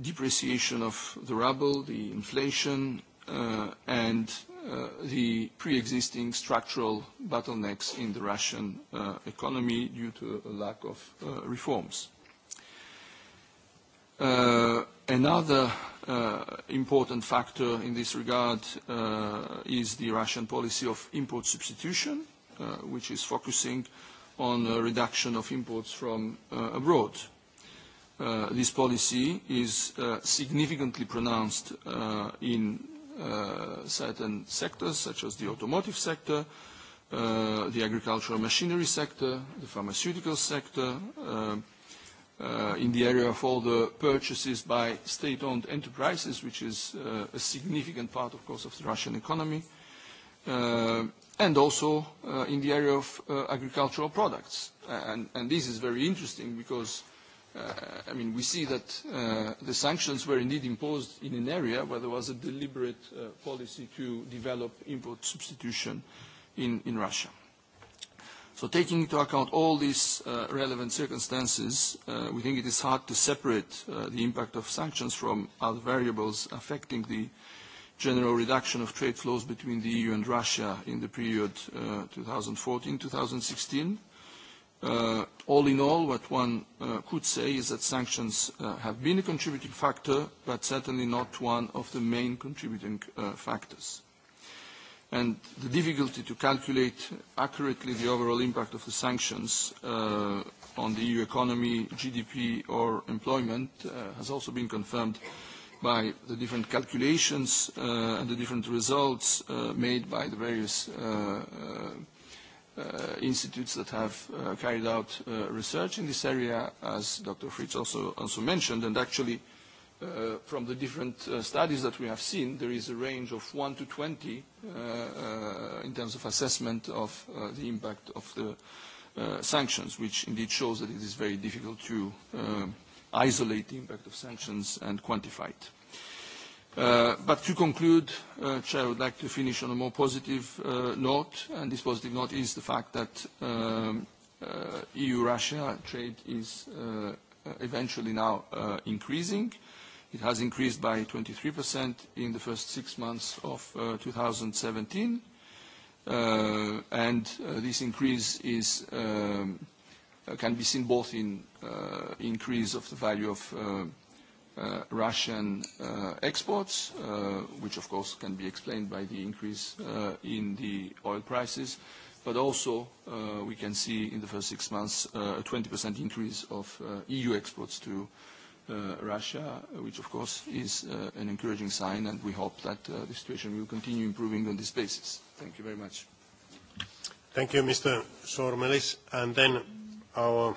depreciation of the ruble, the inflation, uh, and the pre-existing structural bottlenecks in the Russian economy due to a lack of reforms. another important factor in this regard is the Russian policy of import substitution, which is focusing on reduction of imports from uh, abroad. Uh, this policy is uh, significantly pronounced in certain sectors such as the automotive sector, the agricultural machinery sector, the pharmaceutical sector, in the area of all the purchases by state-owned enterprises, which is a significant part, of course, of the Russian economy, and also uh, in the area of uh, agricultural products. And, this is very interesting because, uh, we see that the sanctions were indeed imposed in an area where there was a deliberate policy to develop import substitution in, Russia. So taking into account all these relevant circumstances, we think it is hard to separate the impact of sanctions from other variables affecting the general reduction of trade flows between the EU and Russia in the period 2014-2016. Uh, uh, all in all, what one uh, could say is that sanctions have been a contributing factor, but certainly not one of the main contributing factors. And the difficulty to calculate accurately the overall impact of the sanctions on the EU economy, GDP or employment has also been confirmed by the different calculations uh, and the different results uh, made by the various uh, institutes that have carried out research in this area, as Dr. Fritz also, mentioned. And actually, from the different studies that we have seen, there is a range of one to 20 in terms of assessment of the impact of the sanctions, which indeed shows that it is very difficult to um, isolate the impact of sanctions and quantify it. Uh, but to conclude, uh, Chair, I would like to finish on a more positive uh, note, and this positive note is the fact that um, EU-Russia trade is eventually now increasing. It has increased by 23% in the first six months of 2017, and this increase is um, Uh, can be seen both in uh, increase of the value of uh, Russian exports, which of course can be explained by the increase in the oil prices. But also, we can see in the first six months a 20% increase of EU exports to Russia, which of course is an encouraging sign, and we hope that the situation will continue improving on this basis. Thank you very much. Thank you, Mr. Sormelis. Our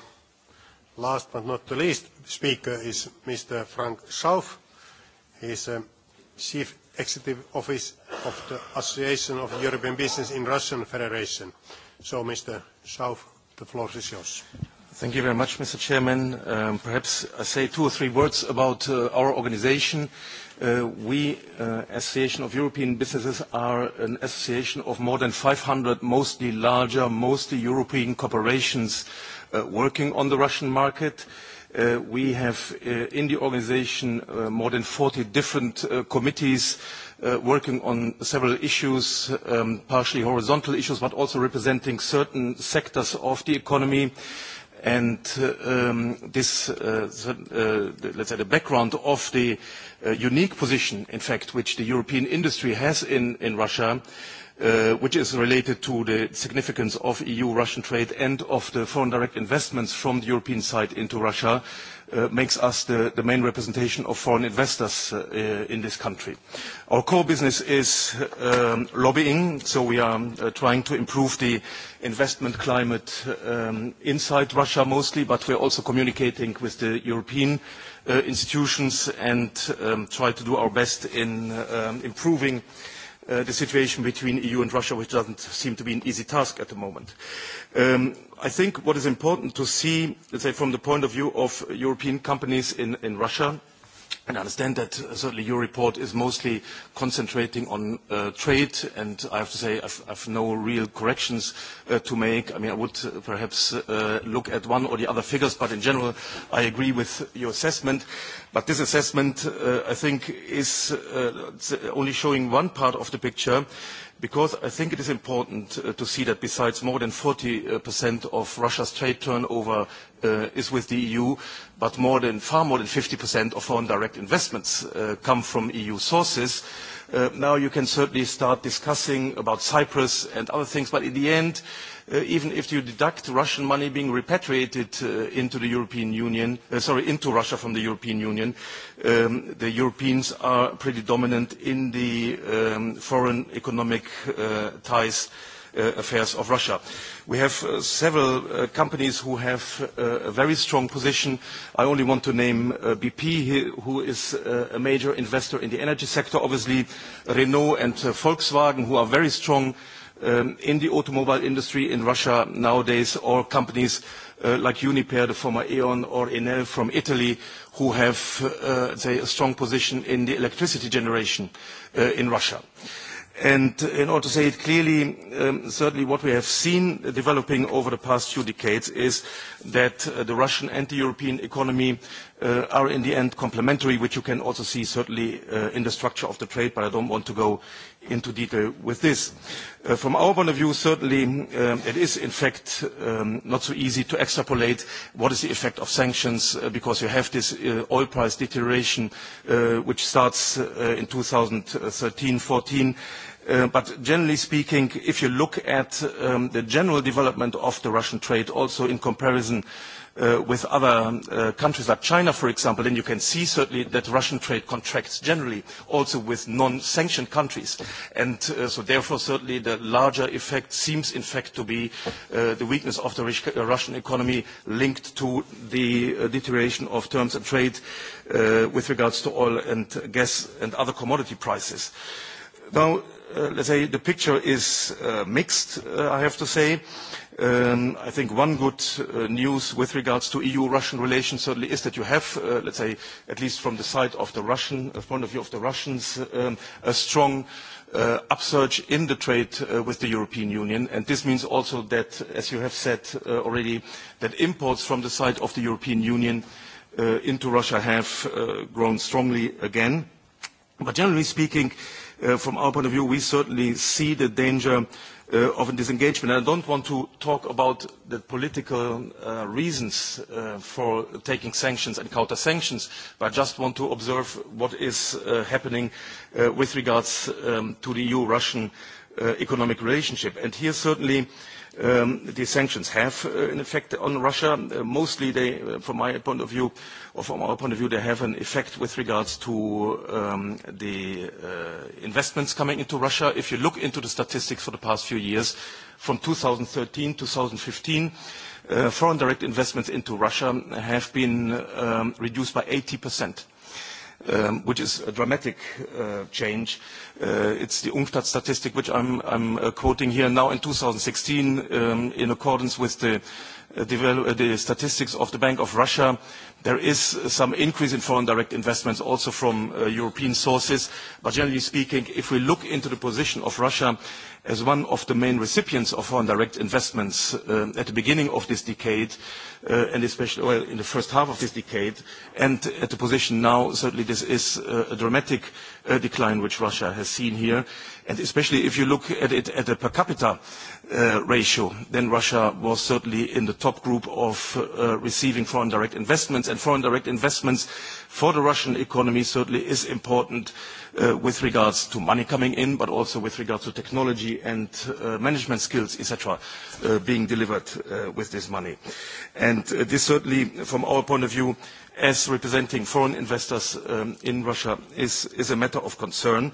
last but not the least speaker is Mr. Frank Schauf. He is Chief Executive Officer of the Association of European Business in Russian Federation. So, Mr. Schauf, the floor is yours. Thank you very much, Mr. Chairman. Um, perhaps I say two or three words about uh, our organization. Uh, we, uh, Association of European Businesses, are an association of more than 500, mostly larger, mostly European corporations Uh, working on the Russian market. Uh, we have uh, in the organization more than 40 different committees working on several issues, um, partially horizontal issues, but also representing certain sectors of the economy. And um, this, let's say, the background of the unique position, in fact, which the European industry has in Russia Uh, which is related to the significance of EU-Russian trade and of the foreign direct investments from the European side into Russia, uh, makes us the, main representation of foreign investors uh, in this country. Our core business is um, lobbying, so we are trying to improve the investment climate um, inside Russia mostly, but we are also communicating with the European institutions and um, try to do our best in improving Uh, the situation between EU and Russia, which doesn't seem to be an easy task at the moment. Um, I think what is important to see, let's say, from the point of view of European companies in, in Russia, And I understand that uh, certainly your report is mostly concentrating on uh, trade, and I have to say I've, have no real corrections uh, to make. I mean, I would perhaps look at one or the other figures, but in general, I agree with your assessment. But this assessment, I think, is only showing one part of the picture because I think it is important uh, to see that besides more than 40% uh, of Russia's trade turnover uh, is with the EU, but more than, far more than 50% of foreign direct investments come from EU sources. Now you can certainly start discussing about Cyprus and other things, but in the end, Uh, even if you deduct Russian money being repatriated uh, into the European Union, uh, sorry, into Russia from the European Union, um, the Europeans are pretty dominant in the um, foreign economic ties affairs of Russia. We have several companies who have a very strong position. I only want to name BP, who is a major investor in the energy sector, obviously Renault and Volkswagen, who are very strong Um, in the automobile industry in Russia nowadays, or companies uh, like Uniper, the former E.ON, or Enel from Italy, who have, uh, say, a strong position in the electricity generation uh, in Russia. in order to say it clearly, um, certainly what we have seen developing over the past few decades is that the Russian and the European economy are in the end complementary, which you can also see certainly in the structure of the trade, but I don't want to go into detail with this. Uh, from our point of view, certainly, um, it is in fact um, not so easy to extrapolate what is the effect of sanctions uh, because you have this uh, oil price deterioration which starts in 2013, 14. But generally speaking, if you look at um, the general development of the Russian trade also in comparison Uh, with other um, uh, countries like China, for example, then you can see certainly that Russian trade contracts generally also with non-sanctioned countries. And uh, so therefore certainly the larger effect seems in fact to be the weakness of the Russian economy linked to the deterioration of terms of trade with regards to oil and gas and other commodity prices. Now, Uh, let's say the picture is uh, mixed, uh, I have to say. Um, I think one good news with regards to EU-Russian relations certainly is that you have, let's say, at least from the side of the Russian, point of view of the Russians, um, a strong upsurge in the trade with the European Union. And this means also that, as you have said already, that imports from the side of the European Union into Russia have grown strongly again. But generally speaking, Uh, from our point of view, we certainly see the danger uh, of a disengagement. And I don't want to talk about the political uh, reasons for taking sanctions and counter-sanctions, but I just want to observe what is happening with regards um, to the EU-Russian economic relationship. And here certainly These um, the sanctions have an uh, effect on Russia. Uh, mostly, they, uh, from my point of view, or from our point of view, they have an effect with regards to um, the investments coming into Russia. If you look into the statistics for the past few years, from 2013 to 2015, foreign direct investments into Russia have been um, reduced by 80 Um, which is a dramatic uh, change. Uh, it's the UNCTAD statistic, which I'm, I'm uh, quoting here now in 2016, um, in accordance with the Uh, the statistics of the Bank of Russia, there is some increase in foreign direct investments also from uh, European sources. But generally speaking, if we look into the position of Russia as one of the main recipients of foreign direct investments uh, at the beginning of this decade, and especially well, in the first half of this decade, and at the position now, certainly this is a dramatic Uh, decline which Russia has seen here. And especially if you look at it at a per capita uh, ratio, then Russia was certainly in the top group of uh, receiving foreign direct investments. And foreign direct investments for the Russian economy certainly is important with regards to money coming in, but also with regards to technology and management skills, etc., being delivered with this money. And this certainly, from our point of view, as representing foreign investors um, in Russia is, a matter of concern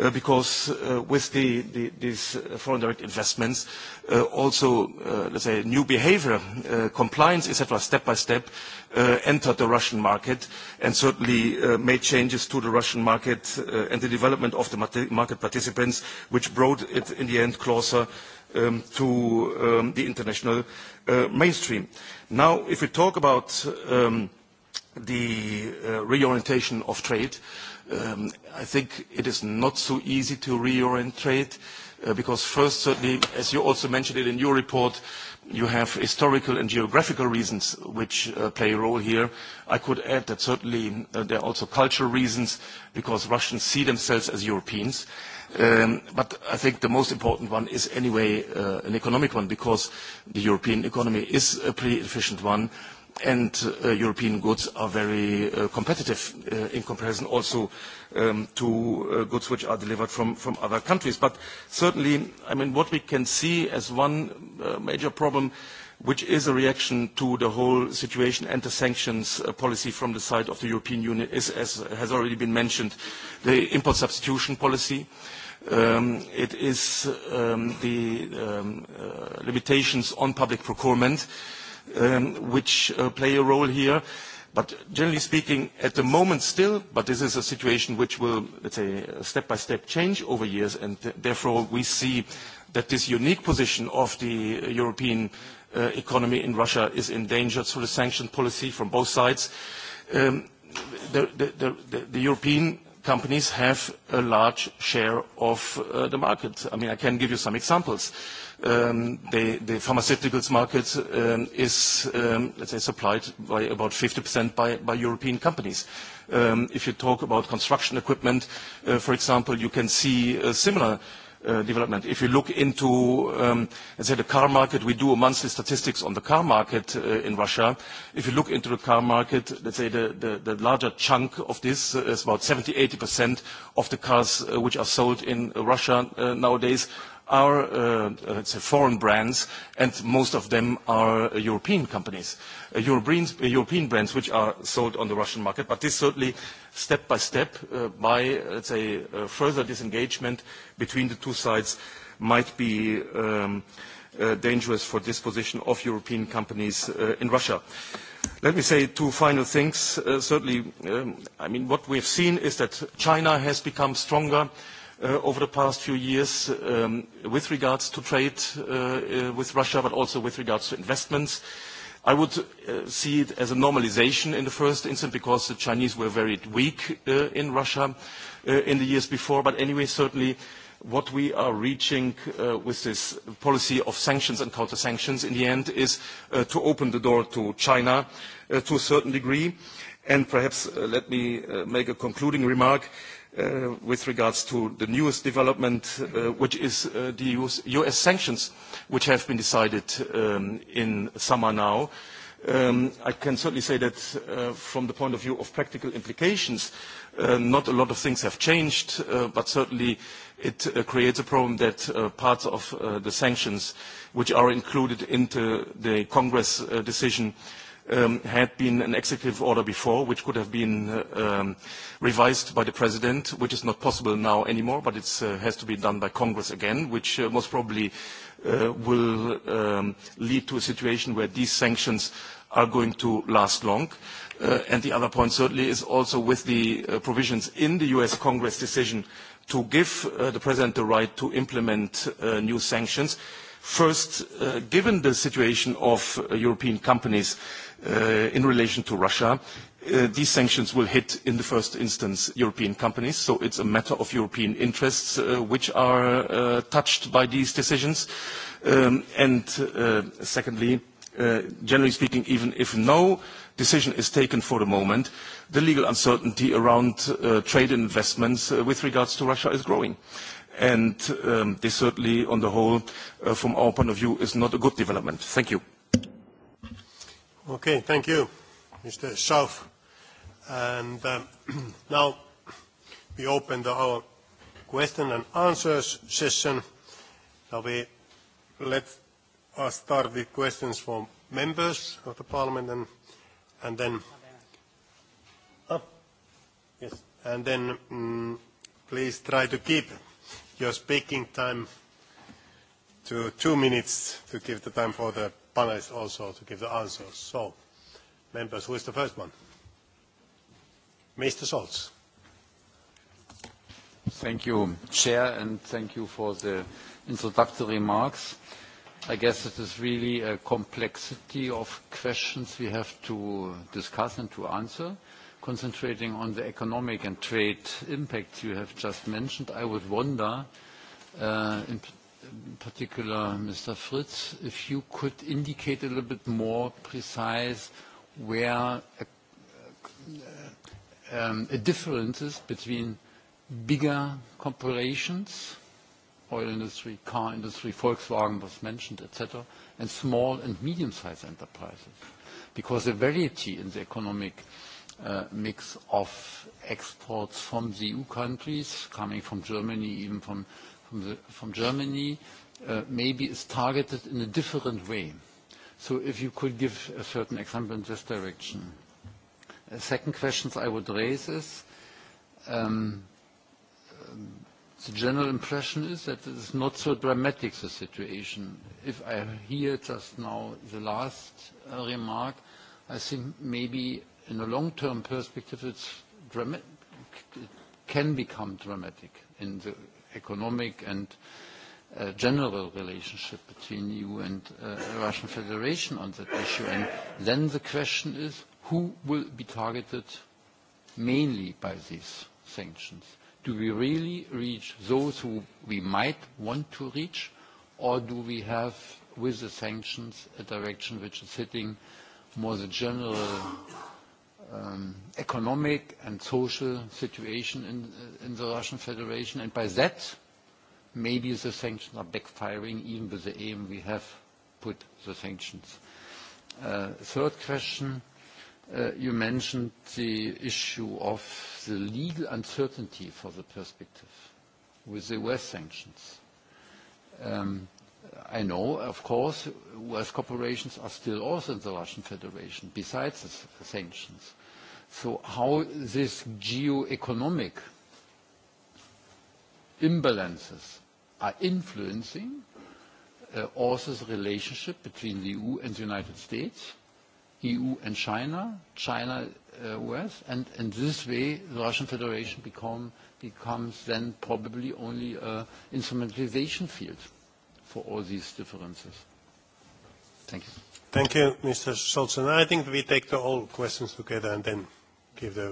uh, because uh, with the, these foreign direct investments, uh, also, let's say, new behavior, compliance, etc., step by step, entered the Russian market and certainly made changes to the Russian market and the development of the market participants, which brought it in the end closer um, to um, the international mainstream. Now, if we talk about the uh, reorientation of trade. Um, I think it is not so easy to reorient trade uh, because first, certainly, as you also mentioned it in your report, you have historical and geographical reasons which uh, play a role here. I could add that certainly there are also cultural reasons because Russians see themselves as Europeans. Um, but I think the most important one is anyway an economic one because the European economy is a pretty efficient one and uh, European goods are very uh, competitive uh, in comparison also um, to goods which are delivered from, other countries. But certainly, I mean, what we can see as one major problem, which is a reaction to the whole situation and the sanctions policy from the side of the European Union, is, as has already been mentioned, the import substitution policy. Um, it is um, the limitations on public procurement. Um, which uh, play a role here. But generally speaking, at the moment still, but this is a situation which will, let's say, step-by-step change over years, and therefore we see that this unique position of the uh, European uh, economy in Russia is endangered through the sanction policy from both sides. Um, the European companies have a large share of uh, the market. I mean, I can give you some examples. Um, the, the pharmaceuticals market um, is, um, let's say, supplied by about 50% by, by European companies. If you talk about construction equipment, uh, for example, you can see similar Uh, development. If you look into, um, let's say, the car market, we do a monthly statistics on the car market uh, in Russia. If you look into the car market, let's say the, the larger chunk of this uh, is about 70%-80% of the cars which are sold in Russia nowadays are uh, uh, let's say foreign brands, and most of them are European companies, uh, European, brands which are sold on the Russian market. But this certainly, step by step, by let's say further disengagement between the two sides, might be um, dangerous for disposition of European companies in Russia. Let me say two final things. Certainly, um, I mean what we have seen is that China has become stronger Uh, over the past few years um, with regards to trade uh, uh, with Russia, but also with regards to investments. I would see it as a normalization in the first instance because the Chinese were very weak in Russia in the years before. But anyway, certainly what we are reaching with this policy of sanctions and counter-sanctions in the end is to open the door to China to a certain degree. And perhaps let me make a concluding remark. Uh, with regards to the newest development, uh, which is uh, the US, sanctions, which have been decided um, in summer now. Um, I can certainly say that from the point of view of practical implications, not a lot of things have changed, but certainly it creates a problem that parts of the sanctions which are included into the Congress decision Um, had been an executive order before, which could have been uh, um, revised by the president, which is not possible now anymore, but it uh, has to be done by Congress again, which uh, most probably will um, lead to a situation where these sanctions are going to last long. And the other point certainly is also with the provisions in the U.S. Congress decision to give the president the right to implement new sanctions. First, given the situation of European companies Uh, in relation to Russia, uh, these sanctions will hit in the first instance European companies, so it's a matter of European interests uh, which are touched by these decisions. Um, and secondly, generally speaking, even if no decision is taken for the moment, the legal uncertainty around trade investments with regards to Russia is growing. And um, this certainly, on the whole, from our point of view, is not a good development. Thank you. Okay, thank you, Mr. Schauf. And um, now we open the, our question and answers session. Now we let us start with questions from members of the parliament and, and then... Oh, yes. And then um, please try to keep your speaking time to two minutes to give the time for the panelists also to give the answers. So, members, who is the first one? Mr. Scholz. Thank you, Chair, and thank you for the introductory remarks. I guess it is really a complexity of questions we have to discuss and to answer. Concentrating on the economic and trade impacts you have just mentioned, I would wonder, uh, in in particular Mr. Fritz, if you could indicate a little bit more precise where uh, uh, um, a, difference is between bigger corporations, oil industry, car industry, Volkswagen was mentioned, etc., and small and medium-sized enterprises. Because the variety in the economic uh, mix of exports from the EU countries, coming from Germany, even from from, Germany uh, maybe is targeted in a different way. So if you could give a certain example in this direction. A uh, second question I would raise is, um, the general impression is that it is not so dramatic, the situation. If I hear just now the last uh, remark, I think maybe in a long-term perspective, it can become dramatic in the economic and uh, general relationship between EU and uh, Russian Federation on that issue. And then the question is, who will be targeted mainly by these sanctions? Do we really reach those who we might want to reach, or do we have, with the sanctions, a direction which is hitting more the general Um, economic and social situation in, uh, in the Russian Federation. And by that, maybe the sanctions are backfiring, even with the aim we have put the sanctions. Uh, third question, uh, you mentioned the issue of the legal uncertainty for the perspective with the U.S. sanctions. Um, I know, of course, U.S. corporations are still also in the Russian Federation besides the sanctions. So how this geo-economic imbalances are influencing uh, also the relationship between the EU and the United States, EU and China, China, US, uh, and in this way the Russian Federation becomes then probably only an instrumentalization field for all these differences. Thank you. Thank you, Mr. Scholz. I think we take the all questions together and then give the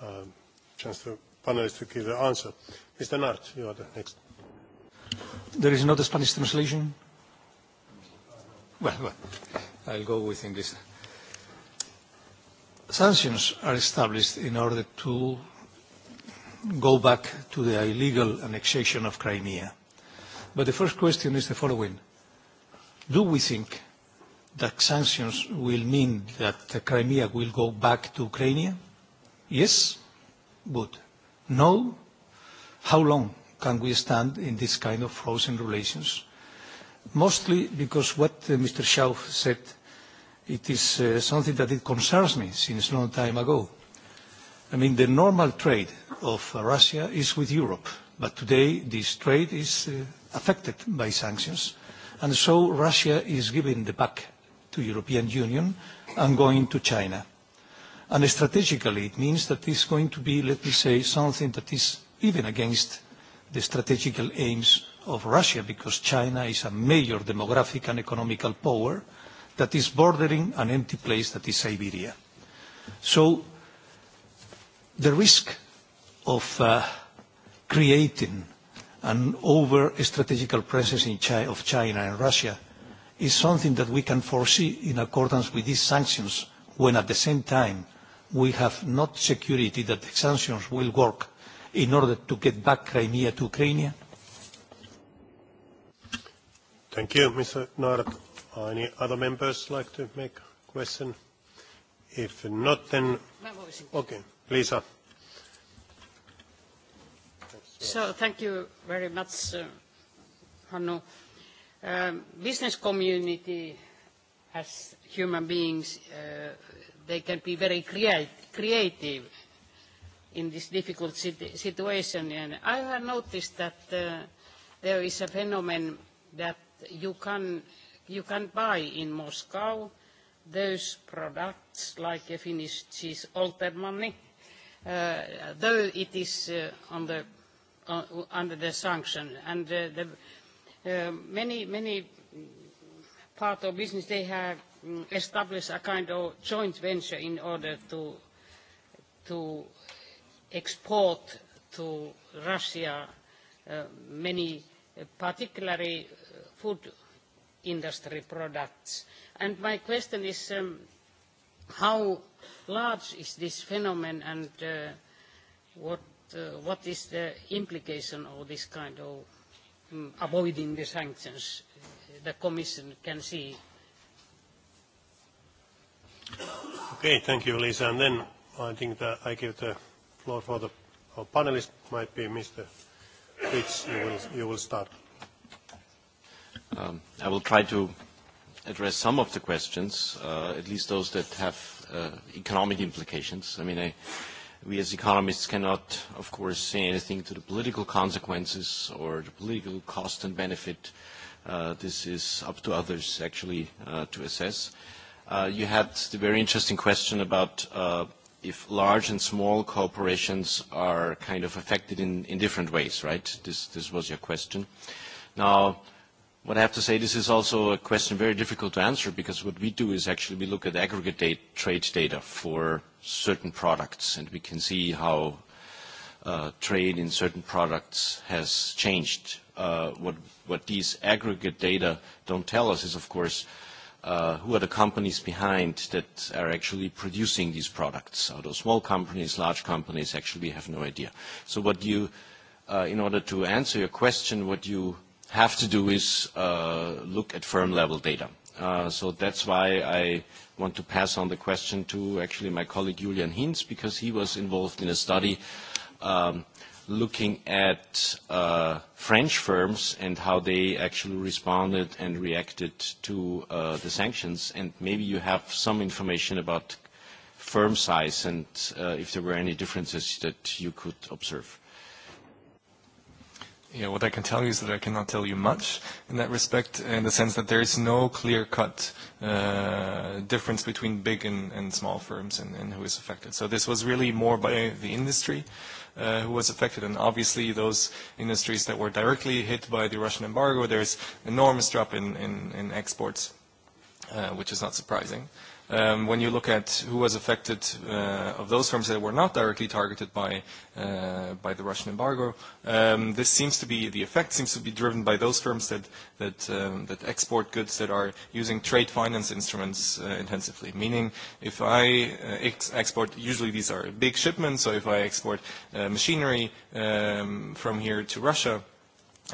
uh, um, chance for panelists to give the answer. Mr. Nart, you are the next. There is another Spanish translation? Well, well, I'll go with English. Sanctions are established in order to go back to the illegal annexation of Crimea. But the first question is the following. Do we think that sanctions will mean that Crimea will go back to Ukraine? Yes? Good. No? How long can we stand in this kind of frozen relations? Mostly because what uh, Mr. Schauf said, it is uh, something that it concerns me since a long time ago. I mean, the normal trade of Russia is with Europe, but today this trade is uh, affected by sanctions, and so Russia is giving the back to European Union and going to China. And strategically, it means that is going to be, let me say, something that is even against the strategical aims of Russia, because China is a major demographic and economical power that is bordering an empty place that is Siberia. So the risk of uh, creating an over strategical presence in of China and Russia is something that we can foresee in accordance with these sanctions when at the same time we have not security that the sanctions will work in order to get back Crimea to Ukraine? Thank you, Mr. Nord. Are any other members like to make a question? If not, then... Okay, Lisa. So, thank you very much, uh, Um, business community as human beings, uh, they can be very creative in this difficult situation. And I have noticed that uh, there is a phenomenon that you can, you can buy in Moscow those products like a Finnish cheese, altered money, uh, though it is uh, under the sanction. And the Uh, many many part of business they have mm, established a kind of joint venture in order to export to Russia uh, many uh, particularly food industry products. And my question is um, how large is this phenomenon and what, what is the implication of this kind of Mm, avoiding the sanctions eh, the Commission can see? Okay, thank you, Lisa. And then I think that I give the floor for the our panelist, might be Mr. Fritz. You will, you will start. Um, I will try to address some of the questions, uh, at least those that have uh, economic implications. I mean, I we as economists cannot, of course, say anything to the political consequences or the political cost and benefit. Uh, this is up to others, actually, uh, to assess. Uh, you had the very interesting question about uh, if large and small corporations are kind of affected in, in different ways, right? This, this was your question. Now, What I have to say, this is also a question very difficult to answer because what we do is actually we look at aggregate trade data for certain products and we can see how uh, trade in certain products has changed. Uh, what, what these aggregate data don't tell us is, of course, uh, who are the companies behind that are actually producing these products. Are those small companies, large companies? Actually, we have no idea. So what you, in order to answer your question, what you have to do is uh, look at firm level data. Uh, so that's why I want to pass on the question to actually my colleague Julian Hinz because he was involved in a study um, looking at uh, French firms and how they actually responded and reacted to uh, the sanctions. And maybe you have some information about firm size and uh, if there were any differences that you could observe. Yeah, what I can tell you is that I cannot tell you much in that respect, in the sense that there is no clear-cut uh, difference between big and, and small firms and, and who is affected. So this was really more by the industry uh, who was affected, and obviously those industries that were directly hit by the Russian embargo, there's enormous drop in, in, in exports, uh, which is not surprising. Um, when you look at who was affected uh, of those firms that were not directly targeted by, uh, by the Russian embargo, um, this seems to be, the effect seems to be driven by those firms that, that, um, that export goods that are using trade finance instruments uh, intensively. Meaning, if I uh, ex export, usually these are big shipments, so if I export uh, machinery um, from here to Russia,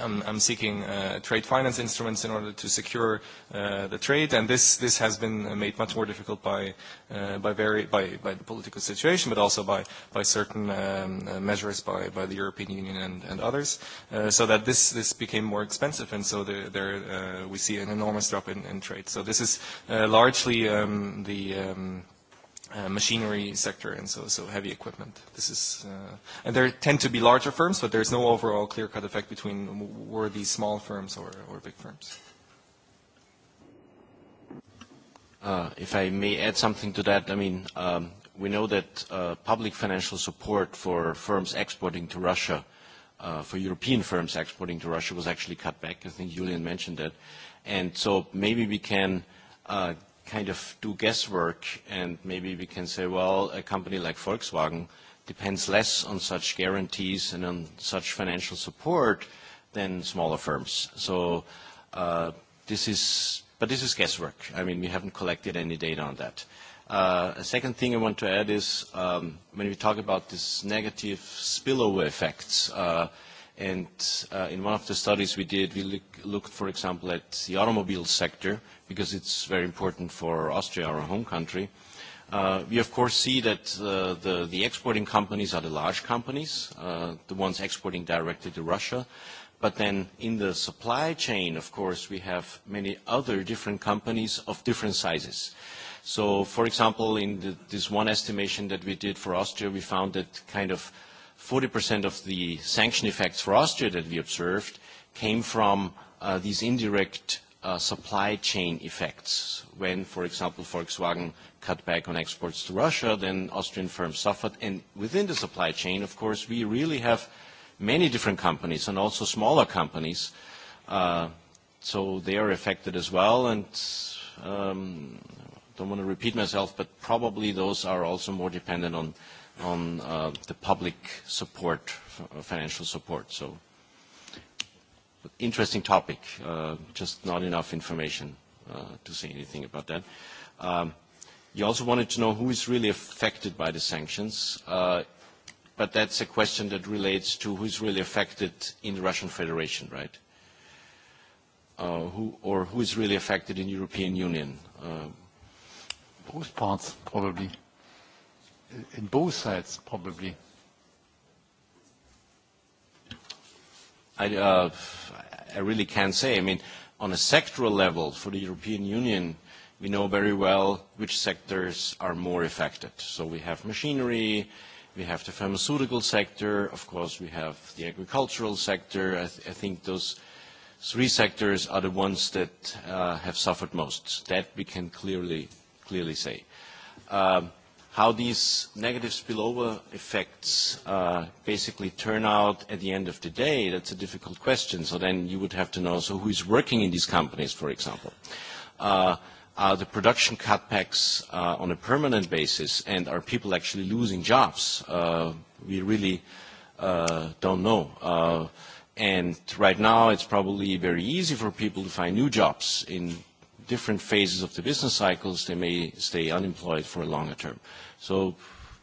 I'm, I'm seeking uh, trade finance instruments in order to secure uh, the trade, and this, this has been uh, made much more difficult by, uh, by, very, by, by the political situation, but also by, by certain um, uh, measures by, by the European Union and, and others, uh, so that this, this became more expensive, and so there, there, uh, we see an enormous drop in, in trade. So this is uh, largely um, the... Um, Uh, machinery sector and so so heavy equipment. This is uh, and there tend to be larger firms, but there's no overall clear cut effect between were these small firms or or big firms. Uh, if I may add something to that, I mean um, we know that uh, public financial support for firms exporting to Russia, uh, for European firms exporting to Russia, was actually cut back. I think Julian mentioned that, and so maybe we can. Uh, kind of do guesswork and maybe we can say, well, a company like Volkswagen depends less on such guarantees and on such financial support than smaller firms. So uh, this is, but this is guesswork. I mean, we haven't collected any data on that. Uh, a second thing I want to add is um, when we talk about this negative spillover effects, uh, And uh, in one of the studies we did, we look, looked, for example, at the automobile sector, because it's very important for Austria, our home country. Uh, we, of course, see that uh, the, the exporting companies are the large companies, uh, the ones exporting directly to Russia. But then in the supply chain, of course, we have many other different companies of different sizes. So, for example, in the, this one estimation that we did for Austria, we found that kind of 40% of the sanction effects for Austria that we observed came from uh, these indirect uh, supply chain effects. When, for example, Volkswagen cut back on exports to Russia, then Austrian firms suffered. And within the supply chain, of course, we really have many different companies and also smaller companies. Uh, so they are affected as well. And I um, don't want to repeat myself, but probably those are also more dependent on on uh, the public support, financial support. So interesting topic, uh, just not enough information uh, to say anything about that. Um, you also wanted to know who is really affected by the sanctions, uh, but that's a question that relates to who is really affected in the Russian Federation, right? Uh, who, or who is really affected in the European Union? Uh, Both parts, probably in both sides probably. Uh, I, really can't say. I mean, on a sectoral level for the European Union, we know very well which sectors are more affected. So we have machinery, we have the pharmaceutical sector, of course we have the agricultural sector. I, think those three sectors are the ones that uh, have suffered most. That we can clearly, say. Um, how these negative spillover effects uh, basically turn out at the end of the day, that's a difficult question. So then you would have to know, so who is working in these companies, for example? Uh, are the production cutbacks uh, on a permanent basis, and are people actually losing jobs? Uh, we really uh, don't know. and right now, it's probably very easy for people to find new jobs in different phases of the business cycles, they may stay unemployed for a longer term. So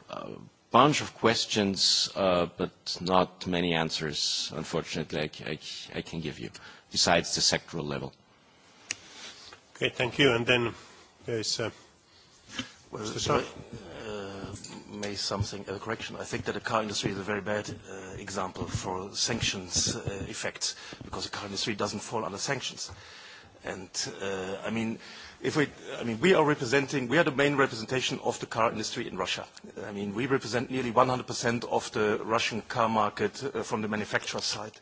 a uh, bunch of questions, uh, but not many answers, unfortunately, I, I, I can give you, besides the sectoral level. Okay, thank you. And then there is uh, well, uh, may something, a correction. I think that the car industry is a very bad uh, example for sanctions uh, effects, because the car industry doesn't fall under sanctions. And uh, I mean, if we, I mean, we are representing, we are the main representation of the car industry in Russia. I mean, we represent nearly 100% of the Russian car market uh, from the manufacturer side.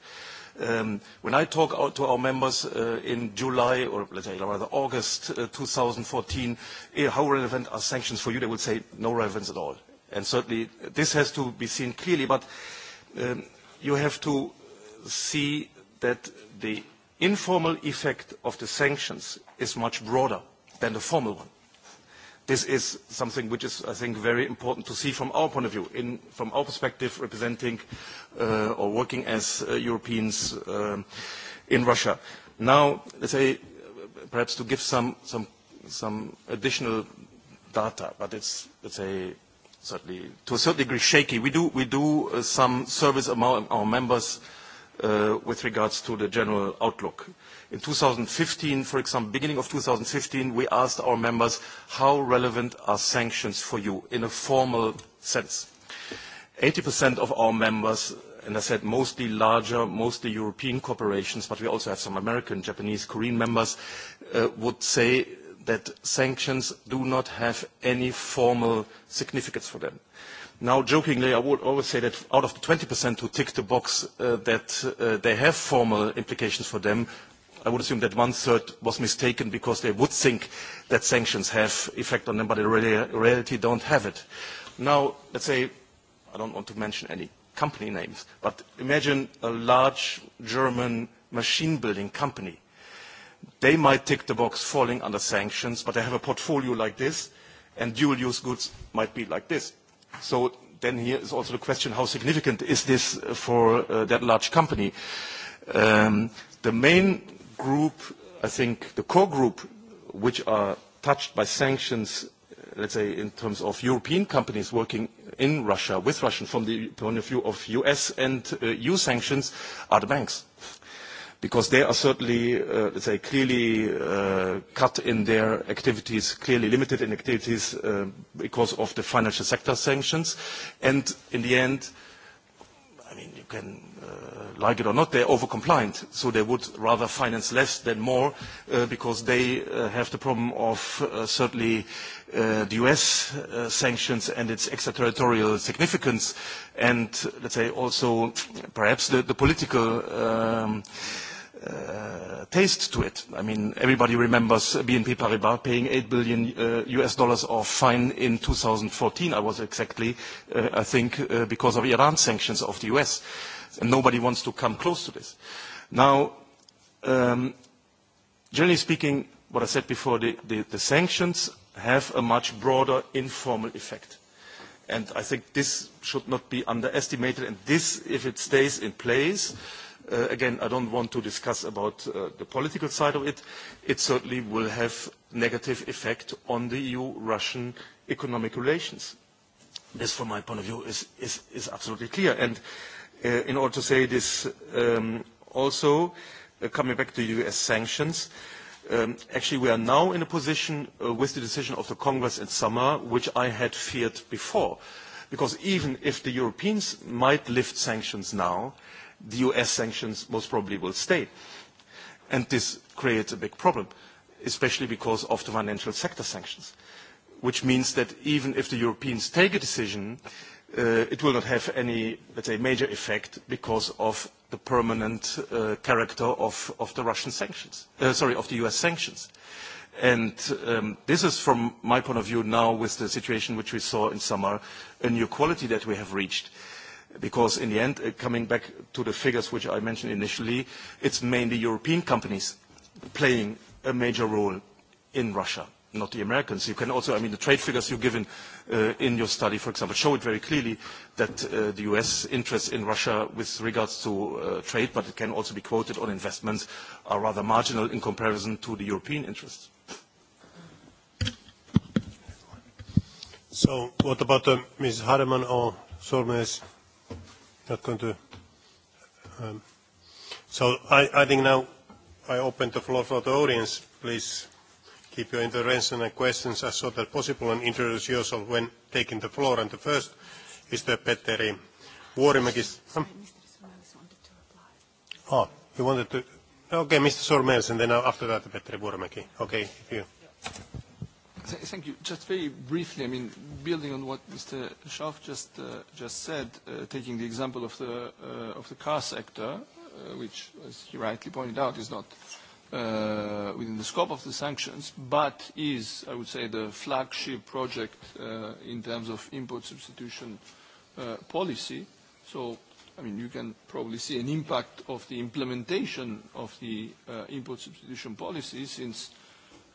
Um, when I talk out to our members uh, in July or let's say rather August 2014, eh, how relevant are sanctions for you? They would say no relevance at all. And certainly this has to be seen clearly, but um, you have to see that the informal effect of the sanctions is much broader than the formal one. This is something which is, I think, very important to see from our point of view, in, from our perspective representing uh, or working as uh, Europeans uh, in Russia. Now, let's say, perhaps to give some, some, some additional data, but it's, let's say, certainly, to a certain degree shaky. We do, we do some service among our members Uh, with regards to the general outlook. In 2015, for example, beginning of 2015, we asked our members, how relevant are sanctions for you in a formal sense? 80% of our members, and I said mostly larger, mostly European corporations, but we also have some American, Japanese, Korean members, uh, would say that sanctions do not have any formal significance for them. Now, jokingly, I would always say that out of the 20% who tick the box uh, that uh, they have formal implications for them, I would assume that one-third was mistaken because they would think that sanctions have effect on them, but in reality don't have it. Now, let's say, I don't want to mention any company names, but imagine a large German machine building company. They might tick the box falling under sanctions, but they have a portfolio like this, and dual-use goods might be like this So then here is also the question, how significant is this uh, for uh, that large company? Um, the main group, I think, the core group, which are touched by sanctions, uh, let's say, in terms of European companies working in Russia, with Russian, from the point of view of U.S. and EU sanctions, are the banks because they are certainly, uh, say, clearly uh, cut in their activities, clearly limited in activities uh, because of the financial sector sanctions. And in the end, mean, you can like it or not, they they're overcompliant. So they would rather finance less than more because they have the problem of certainly the US sanctions and its extraterritorial significance and, let's say, also perhaps the, political um, Uh, taste to it. I mean, everybody remembers BNP Paribas paying 8 billion US uh, dollars of fine in 2014, I was exactly, uh, I think, because of Iran sanctions of the US. And nobody wants to come close to this. Now, um, generally speaking, what I said before, the, the, sanctions have a much broader informal effect. And I think this should not be underestimated. And this, if it stays in place, Uh, again, I don't want to discuss about uh, the political side of it. It certainly will have negative effect on the EU-Russian economic relations. This, from my point of view, is, absolutely clear. Uh, in order to say this um, also, coming back to U.S. sanctions, um, actually we are now in a position with the decision of the Congress in summer, which I had feared before. Because even if the Europeans might lift sanctions now, the US sanctions most probably will stay. And this creates a big problem, especially because of the financial sector sanctions, which means that even if the Europeans take a decision, uh, it will not have any, let's say, major effect because of the permanent uh, character of, of the Russian sanctions, uh, sorry, of the US sanctions. And um, this is, from my point of view now, with the situation which we saw in summer, a new quality that we have reached – because in the end, uh, coming back to the figures which I mentioned initially, it's mainly European companies playing a major role in Russia, not the Americans. You can also, I mean, the trade figures you've given uh, in your study, for example, show it very clearly that uh, the U.S. interests in Russia with regards to trade, but it can also be quoted on investments, are rather marginal in comparison to the European interests. So what about Ms. Hardeman or Solmes? not going to... Um, so I, I think now I open the floor for the audience. Please keep your intervention and questions as short as possible and introduce yourself when taking the floor. And the first is the Petteri Vuorimäki. Oh, you wanted to... Okay, Mr. Sormels, then after that, Petteri Vuorimäki. Okay, if you... Thank you. Just very briefly, I mean, building on what Mr. Schaaf just uh, just said, uh, taking the example of the uh, of the car sector, which, as he rightly pointed out, is not within the scope of the sanctions, but is, I would say, the flagship project in terms of import substitution policy. So, I mean, you can probably see an impact of the implementation of the import substitution policy since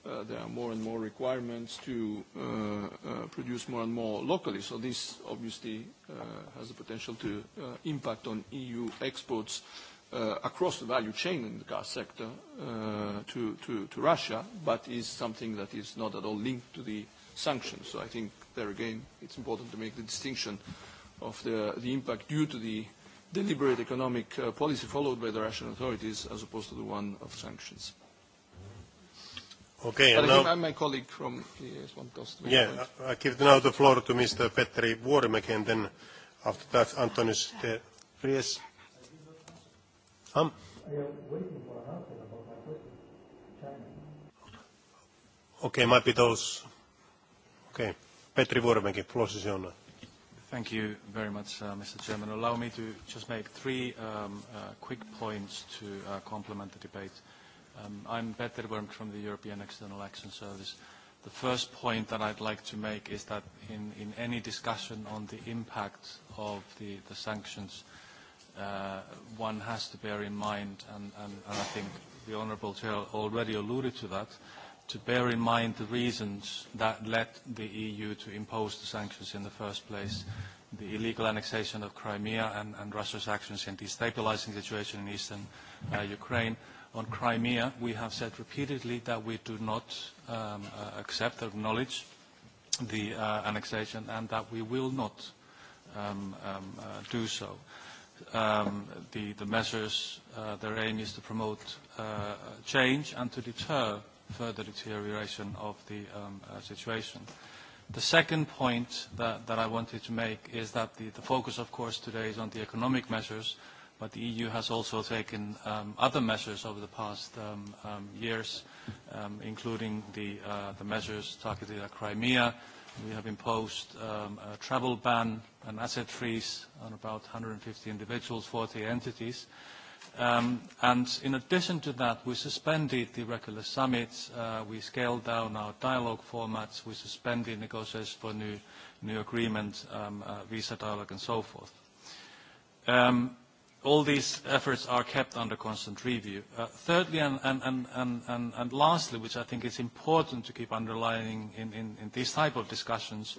Uh, there are more and more requirements to uh, uh, produce more and more locally. So this obviously has the potential to impact on EU exports across the value chain in the gas sector to, to, to Russia, but is something that is not at all linked to the sanctions. So I think there again, it's important to make the distinction of the, the impact due to the deliberate economic policy followed by the Russian authorities as opposed to the one of sanctions. Okay, and now... I'm my colleague from Coast. Yeah, I give now the floor to Mr. Petri Vuorimäki, and then after that, Antonis de Vries. Um? Okay, might be those. Okay. Petri Vuorimäki, floor is yours. Thank you very much, uh, Mr. Chairman. Allow me to just make three um, uh, quick points to uh, complement the debate Um, I'm Peter Worm from the European External Action Service. The first point that I'd like to make is that in, in any discussion on the impact of the, the sanctions, uh, one has to bear in mind, and, and, and I think the Honourable Chair already alluded to that, to bear in mind the reasons that led the EU to impose the sanctions in the first place, the illegal annexation of Crimea and, and Russia's actions in destabilizing the situation in eastern uh, Ukraine, on Crimea, we have said repeatedly that we do not um, uh, accept or acknowledge the uh, annexation and that we will not um, um, uh, do so. the, measures, their aim is to promote change and to deter further deterioration of the situation. The second point that, that I wanted to make is that the focus, of course, today is on the economic measures, but the EU has also taken um, other measures over the past um, um, years, including the, uh, the measures targeted at Crimea. We have imposed a travel ban and asset freeze on about 150 individuals, 40 entities. and in addition to that, we suspended the regular summits, uh, we scaled down our dialogue formats, we suspended negotiations for new, new agreement, uh, visa dialogue and so forth. Um, all these efforts are kept under constant review. Uh, thirdly, and, lastly, which I think is important to keep underlining in, these type of discussions,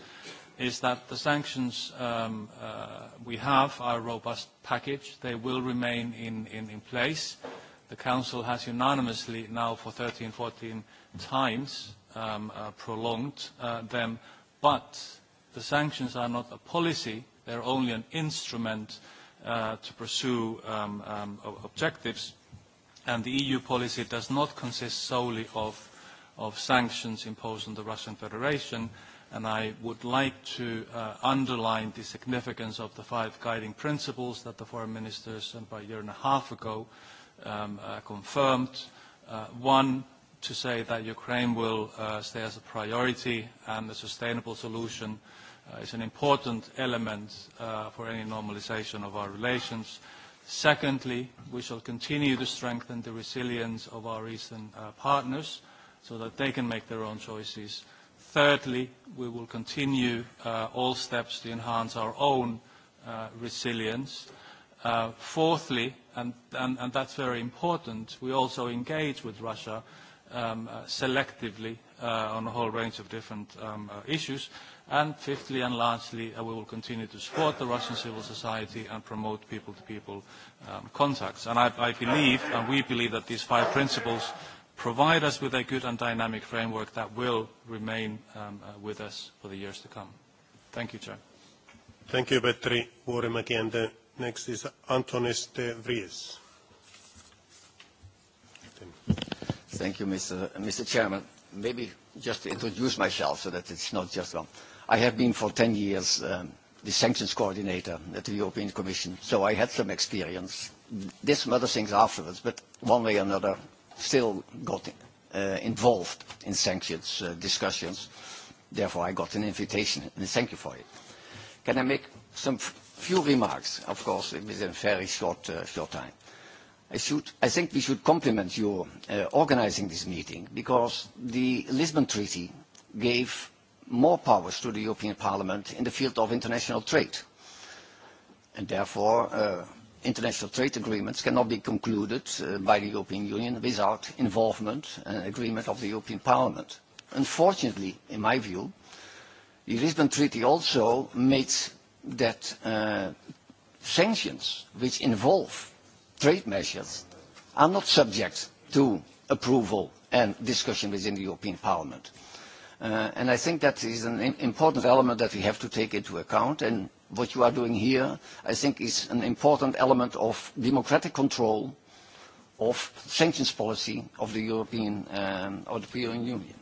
is that the sanctions um, uh, we have are a robust package. They will remain in, place. The Council has unanimously now for 13, 14 times um, uh, prolonged them, but the sanctions are not a policy. They're only an instrument Uh, to pursue um, um, objectives. And the EU policy does not consist solely of, of sanctions imposed on the Russian Federation. And I would like to uh, underline the significance of the five guiding principles that the foreign ministers about a year and a half ago um, uh, confirmed. one, to say that Ukraine will stay as a priority and a sustainable solution Uh, is an important element uh, for any normalization of our relations. Secondly, we shall continue to strengthen the resilience of our eastern uh, partners so that they can make their own choices. Thirdly, we will continue all steps to enhance our own resilience. Fourthly, and, and, and that's very important, we also engage with Russia um, uh, selectively uh, on a whole range of different um, uh, issues. And fifthly and lastly, we will continue to support the Russian civil society and promote people-to-people um, contacts. And I, believe, and we believe, that these five principles provide us with a good and dynamic framework that will remain um, with us for the years to come. Thank you, Chair. Thank you, Petri And next is Antonis de Vries. Thank you, Mr. Mr. Chairman. Maybe just to introduce myself so that it's not just one. I have been for 10 years um, the sanctions coordinator at the European Commission, so I had some experience. Did some other things afterwards, but one way or another still got uh, involved in sanctions uh, discussions. Therefore, I got an invitation, and thank you for it. Can I make some few remarks, of course, within a very short, uh, short time? I, think we should compliment you organising uh, organizing this meeting because the Lisbon Treaty gave more powers to the European Parliament in the field of international trade. And therefore, uh, international trade agreements cannot be concluded uh, by the European Union without involvement and agreement of the European Parliament. Unfortunately, in my view, the Lisbon Treaty also made that sanctions which involve trade measures are not subject to approval and discussion within the European Parliament. Uh, and I think that is an important element that we have to take into account. And what you are doing here, I think, is an important element of democratic control of sanctions policy of the European, um, of the European Union.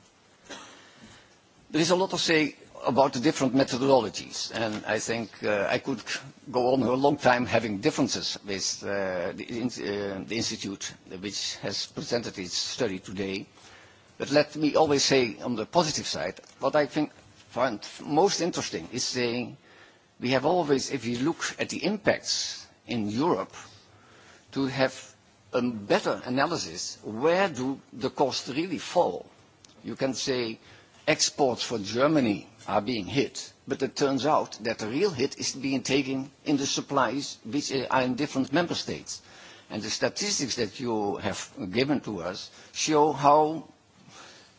There is a lot to say about the different methodologies. And I think uh, I could go on a long time having differences with uh, the, uh, the Institute, which has presented its study today. But let me always say on the positive side, what I think find most interesting is saying we have always, if you look at the impacts in Europe, to have a better analysis, where do the costs really fall? You can say exports for Germany are being hit, but it turns out that the real hit is being taken in the supplies which uh, are in different member states. And the statistics that you have given to us show how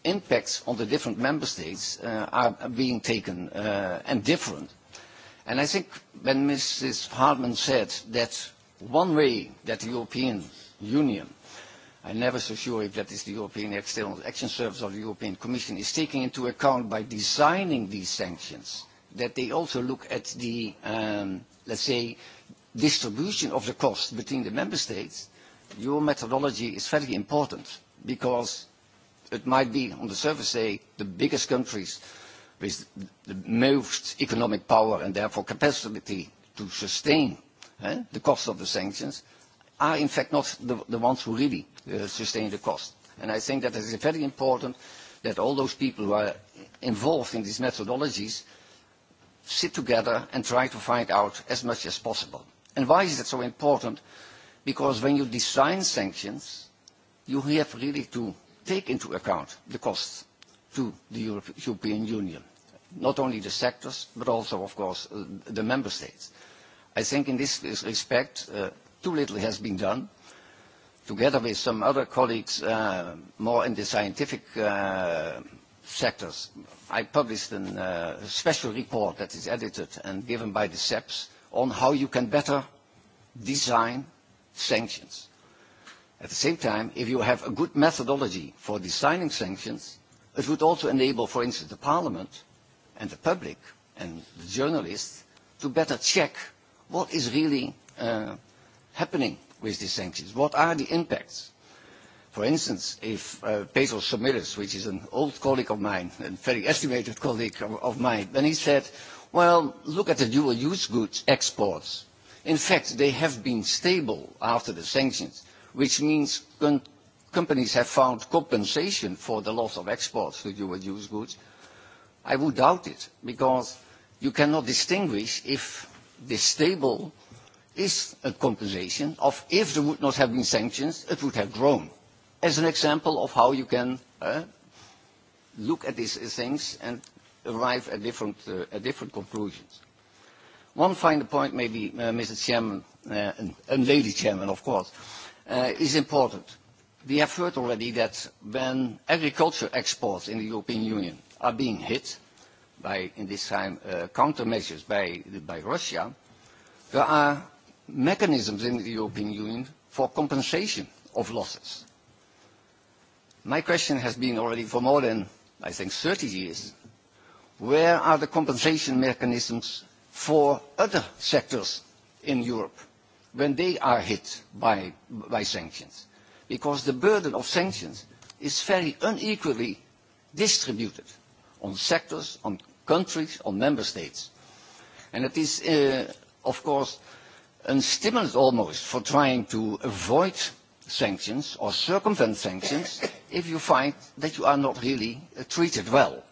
impacts on the different member states uh, are being taken uh, and different. I think when Mrs. Hartman said that one way that the European Union am never so sure if that is the European External Action Service or the European Commission is taking into account by designing these sanctions, that they also look at the, um, let's say, distribution of the cost between the member states. Your methodology is very important because it might be, on the surface, say, the biggest countries with the most economic power and therefore capacity to sustain eh, the cost of the sanctions are in fact not the, ones who really uh, sustain the cost. And I think that it is very important that all those people who are involved in these methodologies sit together and try to find out as much as possible. And why is that so important? Because when you design sanctions, you have really to take into account the costs to the European Union, not only the sectors, but also, of course, uh, the member states. I think in this respect, uh, too little has been done. Together with some other colleagues uh, more in the scientific uh, sectors, I published an, uh, a special report that is edited and given by the SEPs on how you can better design sanctions. At the same time, if you have a good methodology for designing sanctions, it would also enable, for instance, the parliament and the public and the journalists to better check what is really uh, happening with these sanctions? What are the impacts? For instance, if uh, Petros which is an old colleague of mine, a very estimated colleague of, of mine, then he said, well, look at the dual-use goods exports. In fact, they have been stable after the sanctions, which means companies have found compensation for the loss of exports to dual-use goods. I would doubt it, because you cannot distinguish if the stable is a compensation of if there would not have been sanctions, it would have grown. As an example of how you can uh, look at these things and arrive at different, uh, different conclusions. One final point, maybe, uh, Mr. Chairman, uh, and, Lady Chairman, of course, is important. We have heard already that when agriculture exports in the European Union are being hit by, in this time, countermeasures by, by Russia, there are mechanisms in the European Union for compensation of losses. My question has been already for more than, I think, 30 years, where are the compensation mechanisms for other sectors in Europe when they are hit by, by sanctions? Because the burden of sanctions is very unequally distributed on sectors, on countries, on member states. And it is, uh, of course, a stimulus almost for trying to avoid sanctions or circumvent sanctions if you find that you are not really uh, treated well.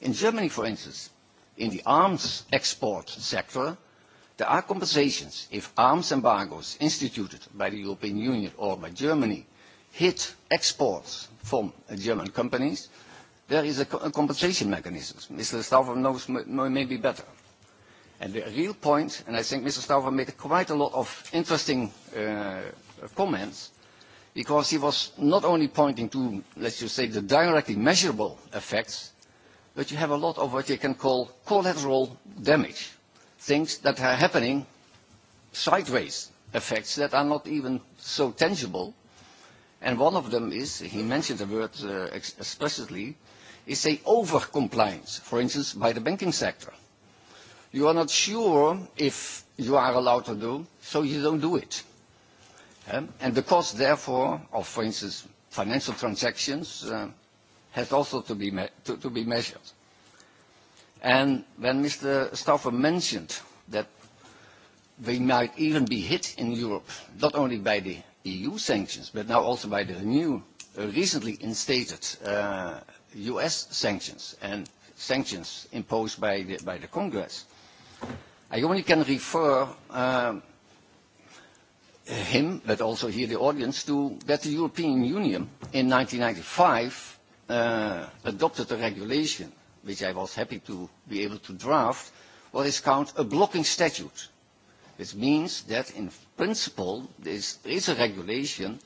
In Germany, for instance, in the arms export sector, there are compensations if arms embargoes instituted by the European Union or by Germany hit exports from uh, German companies. There is a compensation mechanism. Mr. Stauffer knows maybe better the real point, and I think Mr. Stauffer made quite a lot of interesting uh, comments, because he was not only pointing to, let's just say, the directly measurable effects, but you have a lot of what you can call collateral damage, things that are happening sideways, effects that are not even so tangible. And one of them is, he mentioned the word uh, explicitly, is over overcompliance, for instance, by the banking sector you are not sure if you are allowed to do, so you don't do it. Eh? and the cost, therefore, of, for instance, financial transactions uh, has also to be, to, to be measured. And when Mr. Stauffer mentioned that we might even be hit in Europe, not only by the EU sanctions, but now also by the new, uh, recently instated uh, US sanctions and sanctions imposed by the, by the Congress, i only can refer uh, him, but also here the audience, to that the European Union in 1995 uh, adopted a regulation, which I was happy to be able to draft, what is called a blocking statute. This means that in principle there is a regulation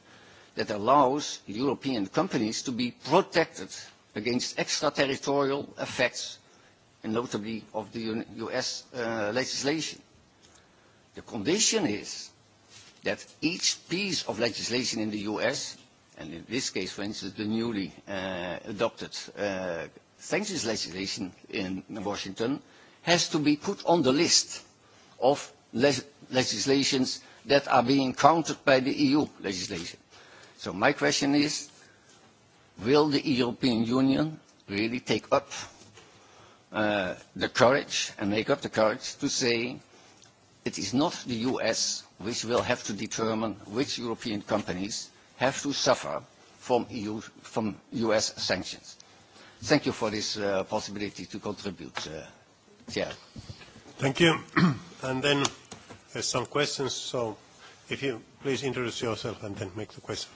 that allows European companies to be protected against extraterritorial effects and notably of the US uh, legislation. The condition is that each piece of legislation in the US, and in this case, for instance, the newly uh, adopted uh, sanctions legislation in Washington, has to be put on the list of legislations that are being countered by the EU legislation. So my question is, will the European Union really take up Uh, the courage and make up the courage to say it is not the US which will have to determine which European companies have to suffer from, EU, from US sanctions. Thank you for this uh, possibility to contribute, uh, Chair. Thank you. and then there's some questions, so if you please introduce yourself and then make the question.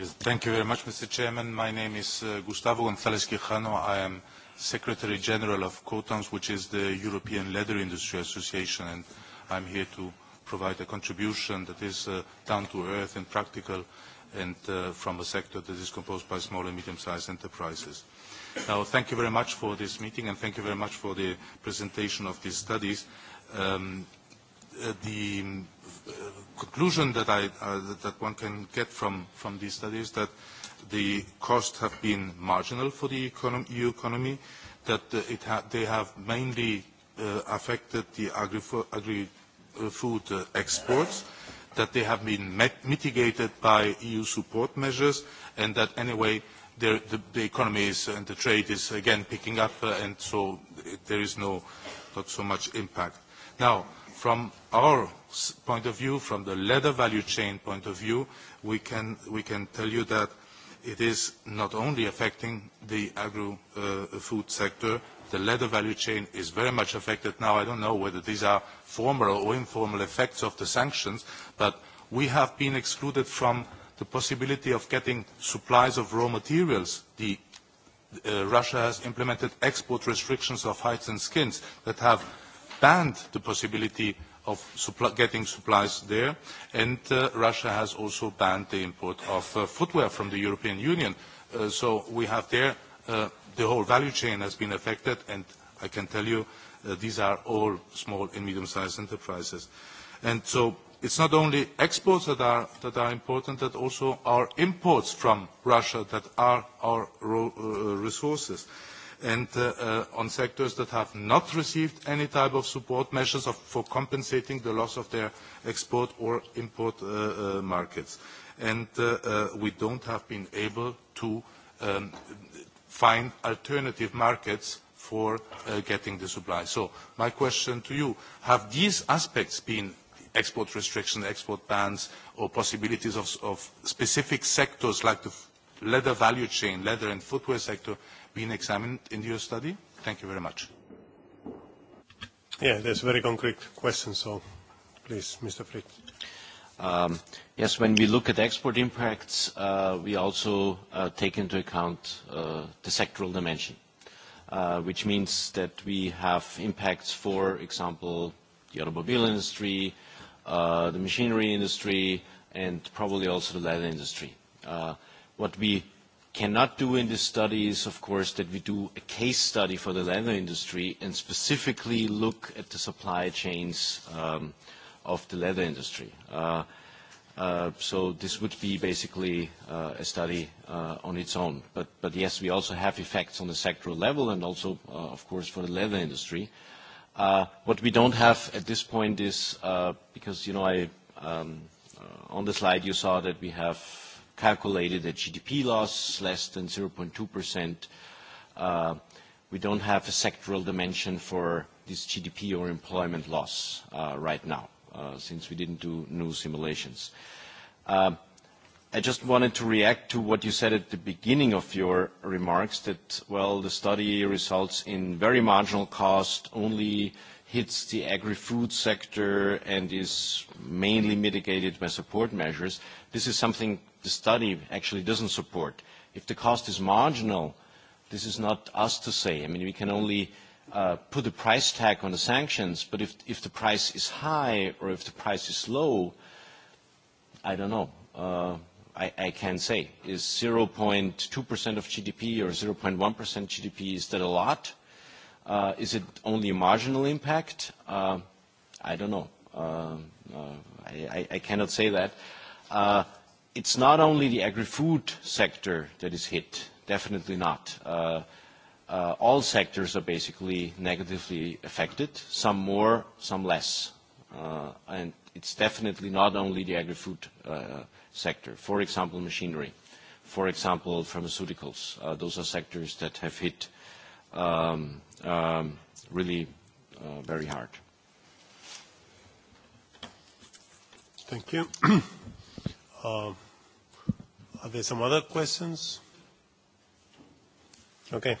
Yes, thank you very much, Mr. Chairman. My name is uh, Gustavo González Quijano. I am Secretary General of COTANS, which is the European Leather Industry Association, and I'm here to provide a contribution that is uh, down to earth and practical and uh, from a sector that is composed by small and medium-sized enterprises. Now, thank you very much for this meeting and thank you very much for the presentation of these studies. Um, uh, the um, uh, conclusion that, I, uh, that one can get from, from these studies is that the costs have been marginal for the EU e economy, that they have mainly uh, affected the agri-food uh, uh, exports, that they have been mitigated by EU support measures, and that anyway the, the economy is, and the trade is again picking up, and so there is no, not so much impact. Now, from our point of view, from the leather value chain point of view, we can tell you that it is not only affecting the agro uh, food sector, the leather value chain is very much affected now. I don't know whether these are formal or informal effects of the sanctions, but we have been excluded from the possibility of getting supplies of raw materials. Uh, Russia has implemented export restrictions of hides and skins that have banned the possibility of getting supplies there. And uh, Russia has also banned the import of uh, footwear from the European Union. Uh, so we have there the whole value chain has been affected, and I can tell you these are all small and medium-sized enterprises. And so it's not only exports that are, that are important, but also our imports from Russia that are our resources and uh, on sectors that have not received any type of support measures for compensating the loss of their export or import uh, uh, markets. And we don't have been able to um, find alternative markets for getting the supply. So my question to you, have these aspects been export restrictions, export bans, or possibilities of, of specific sectors like the leather value chain, leather and footwear sector, been examined in your study? Thank you very much. Yeah, there's a very concrete question, so please, Mr. Fried. Um, yes, when we look at export impacts, uh, we also uh, take into account uh, the sectoral dimension, which means that we have impacts, for example, the automobile industry, the machinery industry, and probably also the leather industry. What we cannot do in this study is, of course, that we do a case study for the leather industry and specifically look at the supply chains um, of the leather industry. Uh, uh, so this would be basically uh, a study on its own. But, yes, we also have effects on the sectoral level and also, of course, for the leather industry. What we don't have at this point is, because, you know, I, um, on the slide you saw that we have calculated at GDP loss, less than 0.2%. Uh, we don't have a sectoral dimension for this GDP or employment loss uh, right now, uh, since we didn't do new simulations. Uh, I just wanted to react to what you said at the beginning of your remarks, that, well, the study results in very marginal cost, only hits the agri-food sector and is mainly mitigated by support measures. This is something the study actually doesn't support. If the cost is marginal, this is not us to say. I mean, we can only uh, put a price tag on the sanctions, but if, if the price is high or if the price is low, I don't know. Uh, I, I can say. Is 0.2% of GDP or 0.1% GDP, is that a lot? Uh, is it only a marginal impact? Uh, I don't know. Uh, uh I, I cannot say that. Uh, it's not only the agri-food sector that is hit, definitely not. Uh, uh, all sectors are basically negatively affected, some more, some less. Uh, and it's definitely not only the agri-food uh, sector. For example, machinery. For example, pharmaceuticals. Those are sectors that have hit um, um really very hard. Thank you. are there some other questions? Okay,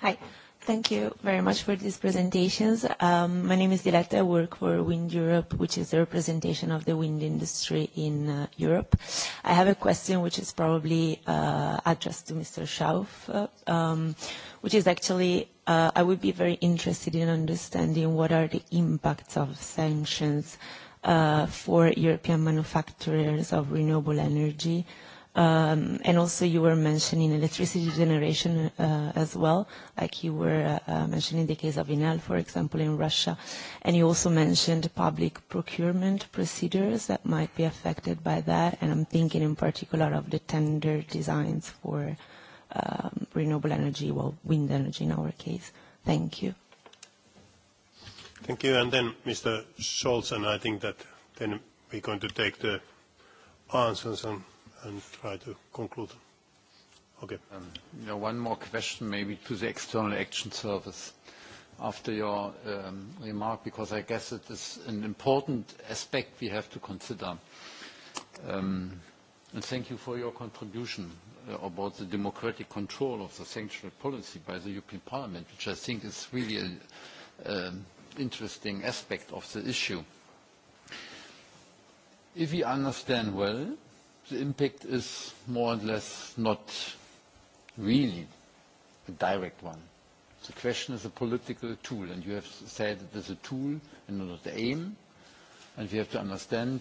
Hi. Thank you very much for these presentations. Um, my name is Diletta. I work for Wind Europe, which is the representation of the wind industry in uh, Europe. I have a question which is probably uh, addressed to Mr. Schauf, uh, um, which is actually, I would be very interested in understanding what are the impacts of sanctions Uh, for European manufacturers of renewable energy. Um, and also you were mentioning electricity generation uh, as well, like you were uh, mentioning the case of Enel, for example, in Russia. And you also mentioned public procurement procedures that might be affected by that. And I'm thinking in particular of the tender designs for um, renewable energy, well, wind energy in our case. Thank you. Thank you. And then Mr. Scholz, and I think that then we're going to take the answers and, and try to conclude. Okay. Um, you know, one more question maybe to the External Action Service after your um, remark, because I guess it is an important aspect we have to consider. Um, and thank you for your contribution uh, about the democratic control of the sanctuary policy by the European Parliament, which I think is really a, interesting aspect of the issue. If we understand well, the impact is more or less not really a direct one. The question is a political tool, and you have said it is a tool and not the aim. And we have to understand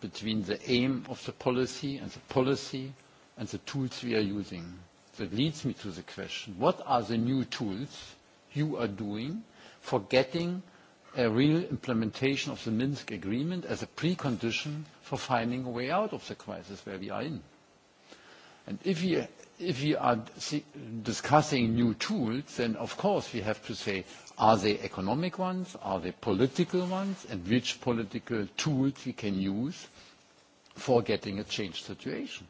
between the aim of the policy and the policy and the tools we are using. That leads me to the question, what are the new tools you are doing for getting a real implementation of the Minsk agreement as a precondition for finding a way out of the crisis where we are in. And if we, if we are discussing new tools, then of course we have to say, are they economic ones? Are they political ones? And which political tools we can use for getting a changed situation?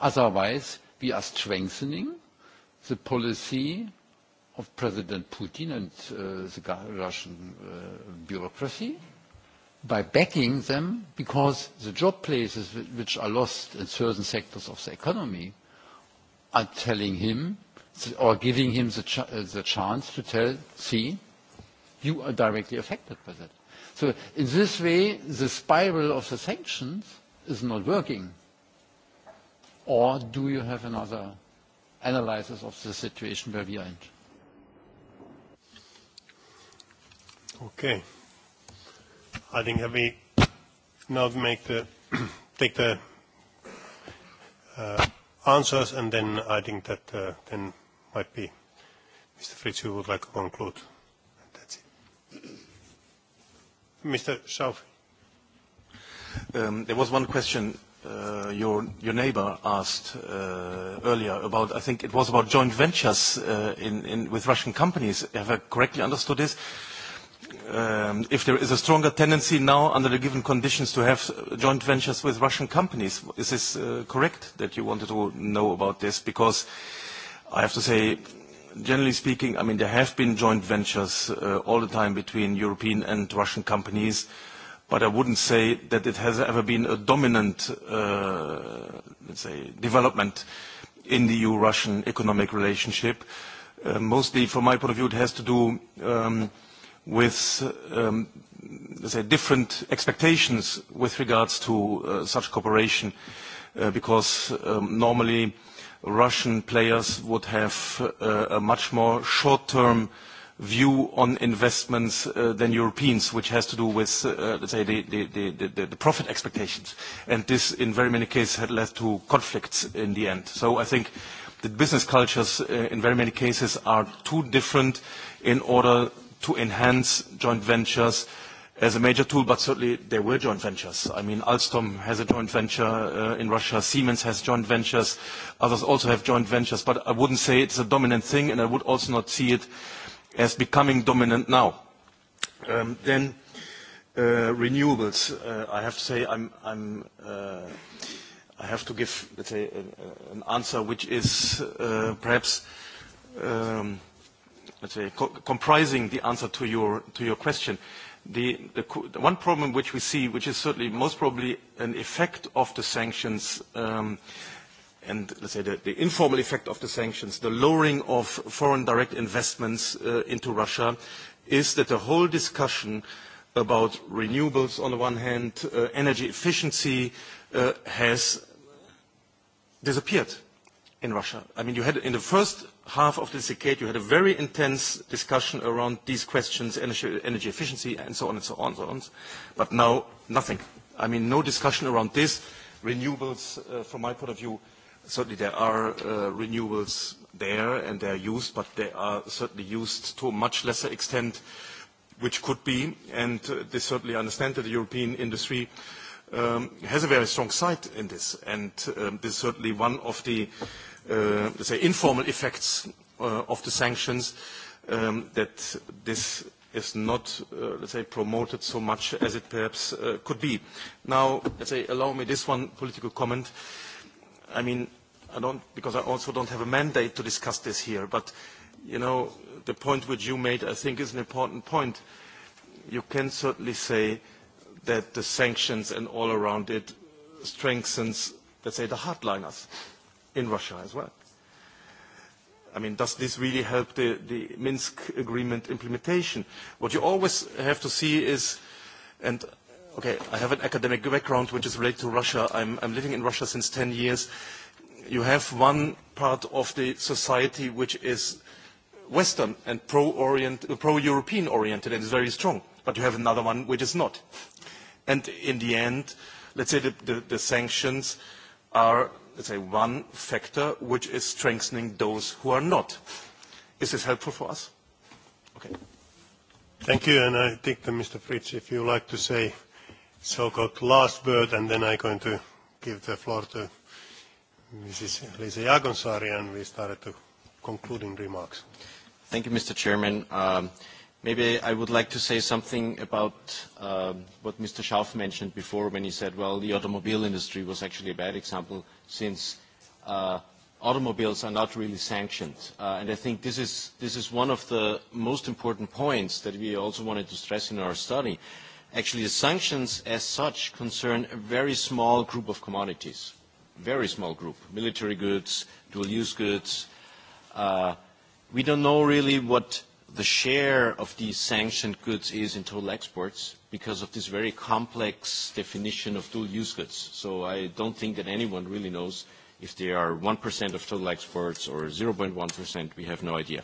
Otherwise, we are strengthening the policy of President Putin and uh, the Russian uh, bureaucracy by backing them because the job places which are lost in certain sectors of the economy are telling him or giving him the, ch uh, the chance to tell, see, you are directly affected by that. So in this way, the spiral of the sanctions is not working. Or do you have another analysis of the situation where we are in? Okay. I think that we now make the take the uh, answers, and then I think that uh, then might be Mr. Fritz, who would like to conclude. That's it. Mr. Schauf. Um, there was one question uh, your your neighbor asked earlier about. I think it was about joint ventures in, in with Russian companies. Have I correctly understood this? Um, if there is a stronger tendency now under the given conditions to have joint ventures with Russian companies. Is this uh, correct that you wanted to know about this? Because I have to say, generally speaking, I mean, there have been joint ventures uh, all the time between European and Russian companies, but I wouldn't say that it has ever been a dominant, uh, let's say, development in the EU-Russian economic relationship. mostly, from my point of view, it has to do um, with um, say different expectations with regards to uh, such cooperation uh, because um, normally Russian players would have uh, a much more short-term view on investments than Europeans, which has to do with, let's say, the, the, the, profit expectations. And this, in very many cases, had led to conflicts in the end. So I think the business cultures, in very many cases, are too different in order to enhance joint ventures as a major tool, but certainly there were joint ventures. I mean, Alstom has a joint venture uh, in Russia, Siemens has joint ventures, others also have joint ventures, but I wouldn't say it's a dominant thing, and I would also not see it as becoming dominant now. Um, then uh, renewables, uh, I have to say I'm, I'm, I have to give, let's say, an, answer which is perhaps um, let's say, comprising the answer to your, to your question. The, the, one problem which we see, which is certainly most probably an effect of the sanctions, um, and let's say the, the informal effect of the sanctions, the lowering of foreign direct investments uh, into Russia, is that the whole discussion about renewables on the one hand, uh, energy efficiency uh, has disappeared in Russia. I mean, you had in the first half of this decade, you had a very intense discussion around these questions, energy, efficiency, and so on and so on and so on. But now, nothing. I mean, no discussion around this. Renewables, uh, from my point of view, certainly there are uh, renewables there and they are used, but they are certainly used to a much lesser extent, which could be, and uh, they certainly understand that the European industry um, has a very strong side in this, and um, this is certainly one of the Uh, let's say, informal effects uh, of the sanctions, um, that this is not, uh, let's say, promoted so much as it perhaps uh, could be. Now, let's say, allow me this one political comment. I mean, I don't, because I also don't have a mandate to discuss this here, but, you know, the point which you made, I think, is an important point. You can certainly say that the sanctions and all around it strengthens, let's say, the hardliners in Russia as well. I mean, does this really help the, the Minsk agreement implementation? What you always have to see is, and okay, I have an academic background which is related to Russia. I'm, living in Russia since 10 years. You have one part of the society which is Western and pro-European oriented and is very strong, but you have another one which is not. And in the end, let's say the, the sanctions are let's say, one factor which is strengthening those who are not. Is this helpful for us? Okay. Thank you, and I think that Mr. Fritz, if you like to say so-called last word, and then I'm going to give the floor to Mrs. Lisa Jaakonsaari, and we started to concluding remarks. Thank you, Mr. Chairman. Um, Maybe I would like to say something about um, what Mr. Schauf mentioned before when he said, well, the automobile industry was actually a bad example since uh, automobiles are not really sanctioned. Uh, and I think this is, one of the most important points that we also wanted to stress in our study. Actually, the sanctions as such concern a very small group of commodities, very small group, military goods, dual-use goods. Uh, we don't know really what the share of these sanctioned goods is in total exports because of this very complex definition of dual-use goods. So I don't think that anyone really knows if they are 1% of total exports or 0.1%. We have no idea.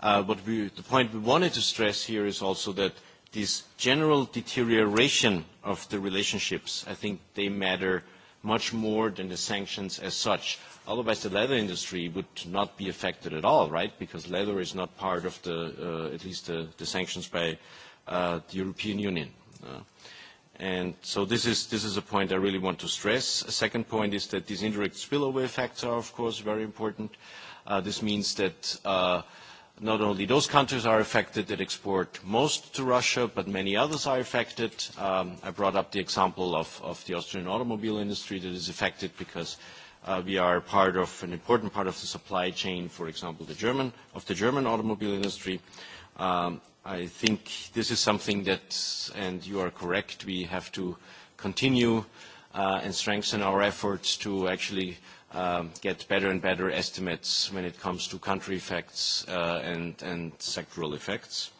but uh, the point we wanted to stress here is also that this general deterioration of the relationships, I think they matter much more than the sanctions as such. Otherwise, the leather industry would not be affected at all, right? Because leather is not part of the, uh, at least the, the sanctions by uh, the European Union. Uh, and so this is, this is a point I really want to stress. A second point is that these indirect spillover effects are, of course, very important. Uh, this means that uh, not only those countries are affected that export most to Russia, but many others are affected. Um, I brought up the example of, of the Austrian automobile industry that is affected because Uh, we are part of an important part of the supply chain, for example, the German, of the German automobile industry. Um, I think this is something that, and you are correct, we have to continue uh, and strengthen our efforts to actually um, get better and better estimates when it comes to country effects uh, and, sectoral effects.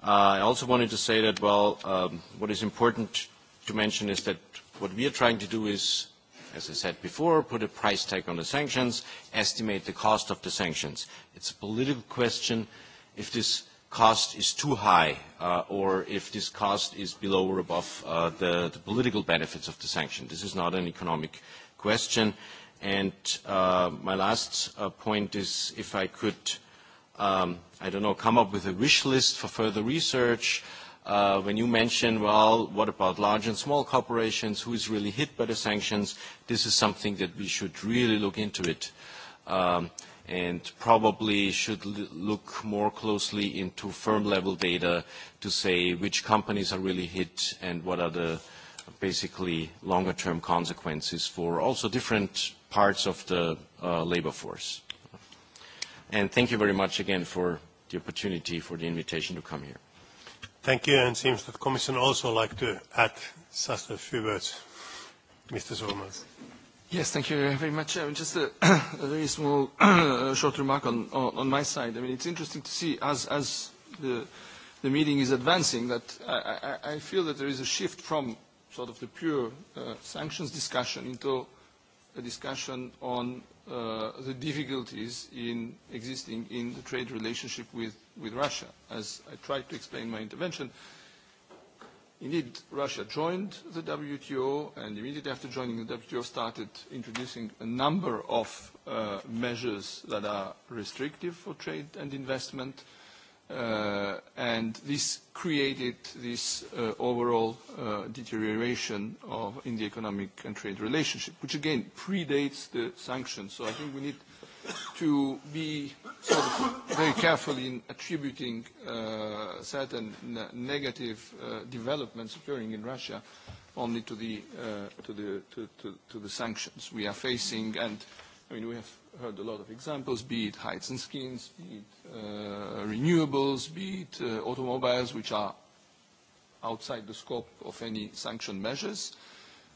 I also wanted to say that, well, um, what is important to mention is that what we are trying to do is as I said before, put a price tag on the sanctions, estimate the cost of the sanctions. It's a political question if this cost is too high uh, or if this cost is below or above uh, the, the political benefits of the sanction. This is not an economic question. And uh, my last uh, point is if I could, um, I don't know, come up with a wish list for further research, Uh, when you mention, well, what about large and small corporations? Who is really hit by the sanctions? This is something that we should really look into it um, and probably should look more closely into firm-level data to say which companies are really hit and what are the basically longer-term consequences for also different parts of the uh, labor force. And thank you very much again for the opportunity, for the invitation to come here. Thank you, it seems that Commission also like to add just a few words. Mr. Solomons. Yes, thank you very much. Uh, just a, very small uh, short remark on, my side. I mean, it's interesting to see as, as the, meeting is advancing that I, feel that there is a shift from sort of the pure uh, sanctions discussion into a discussion on the difficulties in existing in the trade relationship with with Russia, as I tried to explain my intervention, indeed Russia joined the WTO and immediately after joining the WTO started introducing a number of uh, measures that are restrictive for trade and investment. Uh, and this created this uh, overall deterioration of in the economic and trade relationship, which again predates the sanctions. So I think we need to be sort of very careful in attributing uh, certain negative uh, developments occurring in Russia only to the, uh, to, the, to, to, the sanctions we are facing. And, I mean, we have heard a lot of examples, be it heights and skins, be it uh, renewables, be it uh, automobiles, which are outside the scope of any sanction measures.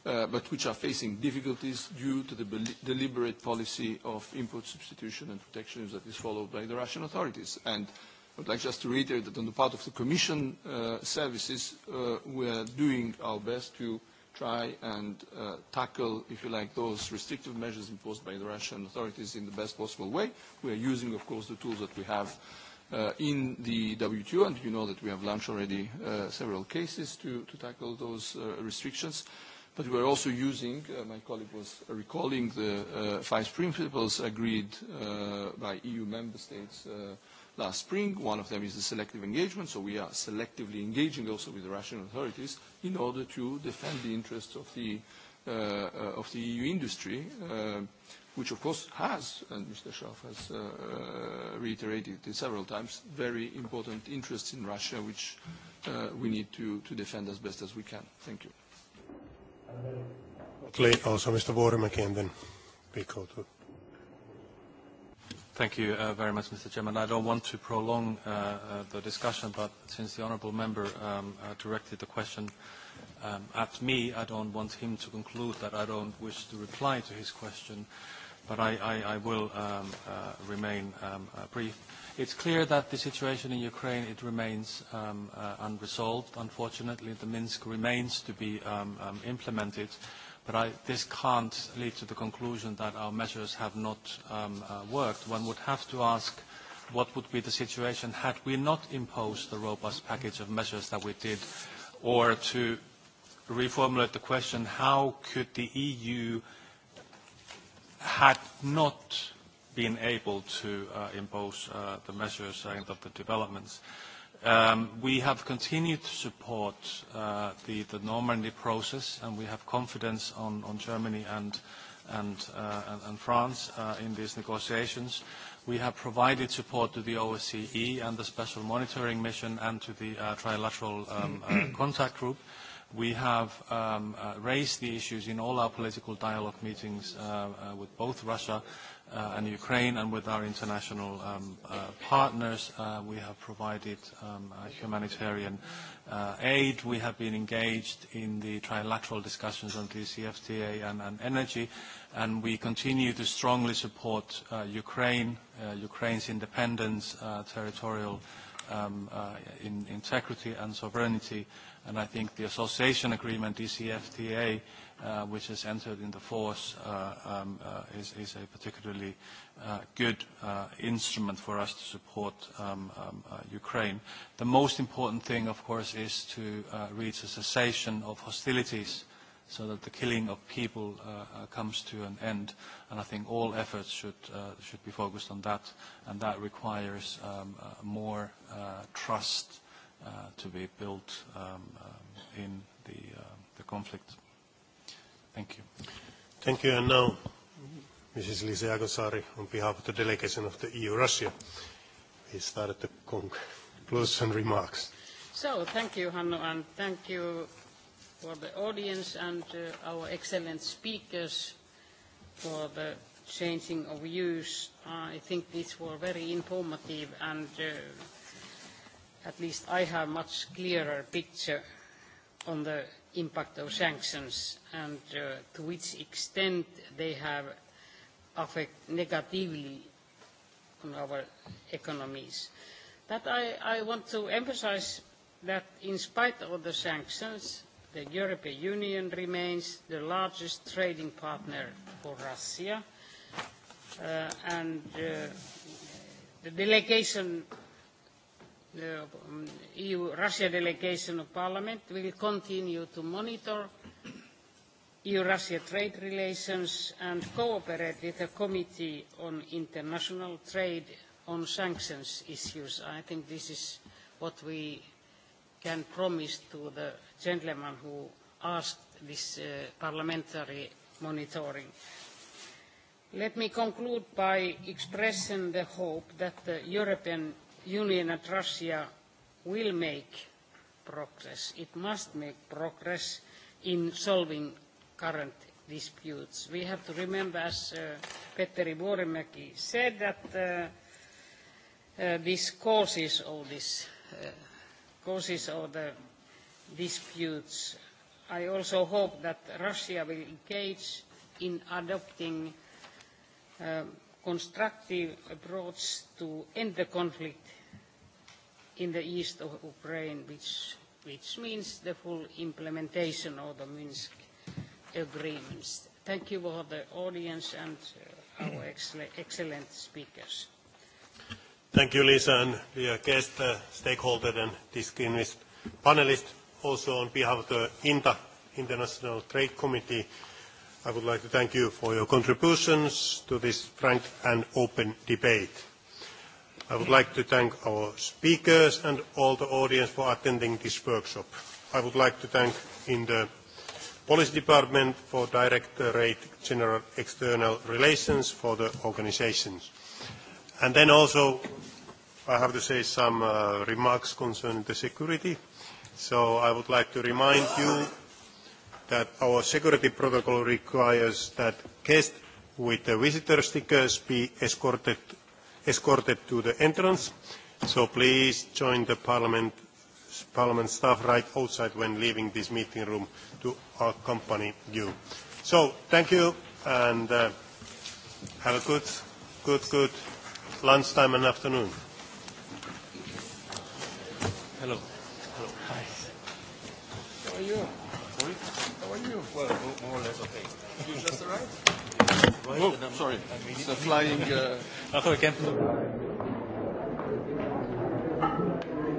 Uh, but which are facing difficulties due to the deliberate policy of import substitution and protectionism that is followed by the Russian authorities. And I would like just to reiterate that on the part of the Commission uh, services, uh, we are doing our best to try and tackle, if you like, those restrictive measures imposed by the Russian authorities in the best possible way. We are using, of course, the tools that we have in the WTO, and you know that we have launched already several cases to, to tackle those restrictions. But we are also using, uh, my colleague was recalling the uh, five principles agreed uh, by EU member states uh, last spring. One of them is the selective engagement, so we are selectively engaging also with the Russian authorities in order to defend the interests of the, EU e industry, which of course has, and Mr. Schaaf has reiterated it several times, very important interests in Russia, which we need to, to defend as best as we can. Thank you. Also, Mr. to. Thank you uh, very much, Mr. Chairman. I don't want to prolong uh, uh, the discussion, but since the honourable member um, directed the question um, at me, I don't want him to conclude that I don't wish to reply to his question, but I, I, I will um, remain brief. It's clear that the situation in Ukraine, it remains um, uh, unresolved. Unfortunately, the Minsk remains to be um, um, implemented, but this can't lead to the conclusion that our measures have not uh, worked. One would have to ask what would be the situation had we not imposed the robust package of measures that we did, or to reformulate the question, how could the EU had not been able to uh, impose uh, the measures and of the developments. Um, we have continued to support uh, the, the Normandy process, and we have confidence on, Germany and, France in these negotiations. We have provided support to the OSCE and the Special Monitoring Mission and to the Trilateral um, Contact Group. We have um, raised the issues in all our political dialogue meetings with both Russia uh, and Ukraine, and with our international um, uh, partners, uh, we have provided um, uh, humanitarian uh, aid. We have been engaged in the trilateral discussions on the CFTA and, and energy, and we continue to strongly support uh, Ukraine, uh, Ukraine's independence, uh, territorial um, uh, in integrity and sovereignty, and I think the association agreement, DCFTA, Uh, which has entered into force uh, um, uh, is, is a particularly uh, good uh, instrument for us to support um, um, uh, Ukraine. The most important thing, of course, is to uh, reach a cessation of hostilities so that the killing of people uh, uh comes to an end. And I think all efforts should, uh, should be focused on that, and that requires um, uh, more uh, trust uh, to be built um, um, in the, uh, the conflict. Thank you. Thank you. And now, Mrs. Lisa Agosari, on behalf of the delegation of the EU-Russia, we started the conclusion remarks. So, thank you, Hanno, and thank you for the audience and uh, our excellent speakers for the changing of views. I think these were very informative and uh, at least I have much clearer picture on the impact of sanctions and uh, to which extent they have affect negatively on our economies. That I, I want to emphasize that in spite of the sanctions, the European Union remains the largest trading partner for Russia. Uh, and uh, the delegation the eh, um, EU-Russia delegation of Parliament will continue to monitor EU-Russia trade relations and cooperate with the Committee on International Trade on sanctions issues. I think this is what we can promise to the gentleman who asked this uh, parliamentary monitoring. Let me conclude by expressing the hope that the European Union and Russia will make progress. It must make progress in solving current disputes. We have to remember, as uh, Petteri Vuorimäki said, that uh, uh this causes of this uh, causes of the disputes. I also hope that Russia will engage in adopting uh, constructive approach to end the conflict in the east of Ukraine, which, which means the full implementation of the Minsk agreements. Thank you for the audience and uh, our excellent speakers. Thank you, Lisa, and guest, uh, stakeholder and distinguished panelists. Also on behalf of the INTA, International Trade Committee, i would like to thank you for your contributions to this frank and open debate. I would like to thank our speakers and all the audience for attending this workshop. I would like to thank in the Policy Department for Directorate General External Relations for the organizations. And then also I have to say some uh, remarks concerning the security. So I would like to remind you that our security protocol requires that guests with the visitor stickers be escorted, to the entrance. So please join the parliament, staff right outside when leaving this meeting room to accompany you. So thank you and uh, have a good, good, good lunchtime and afternoon. Hello. Hello. Hi. How are you? Well, more or less okay. You just oh, sorry. flying... Uh...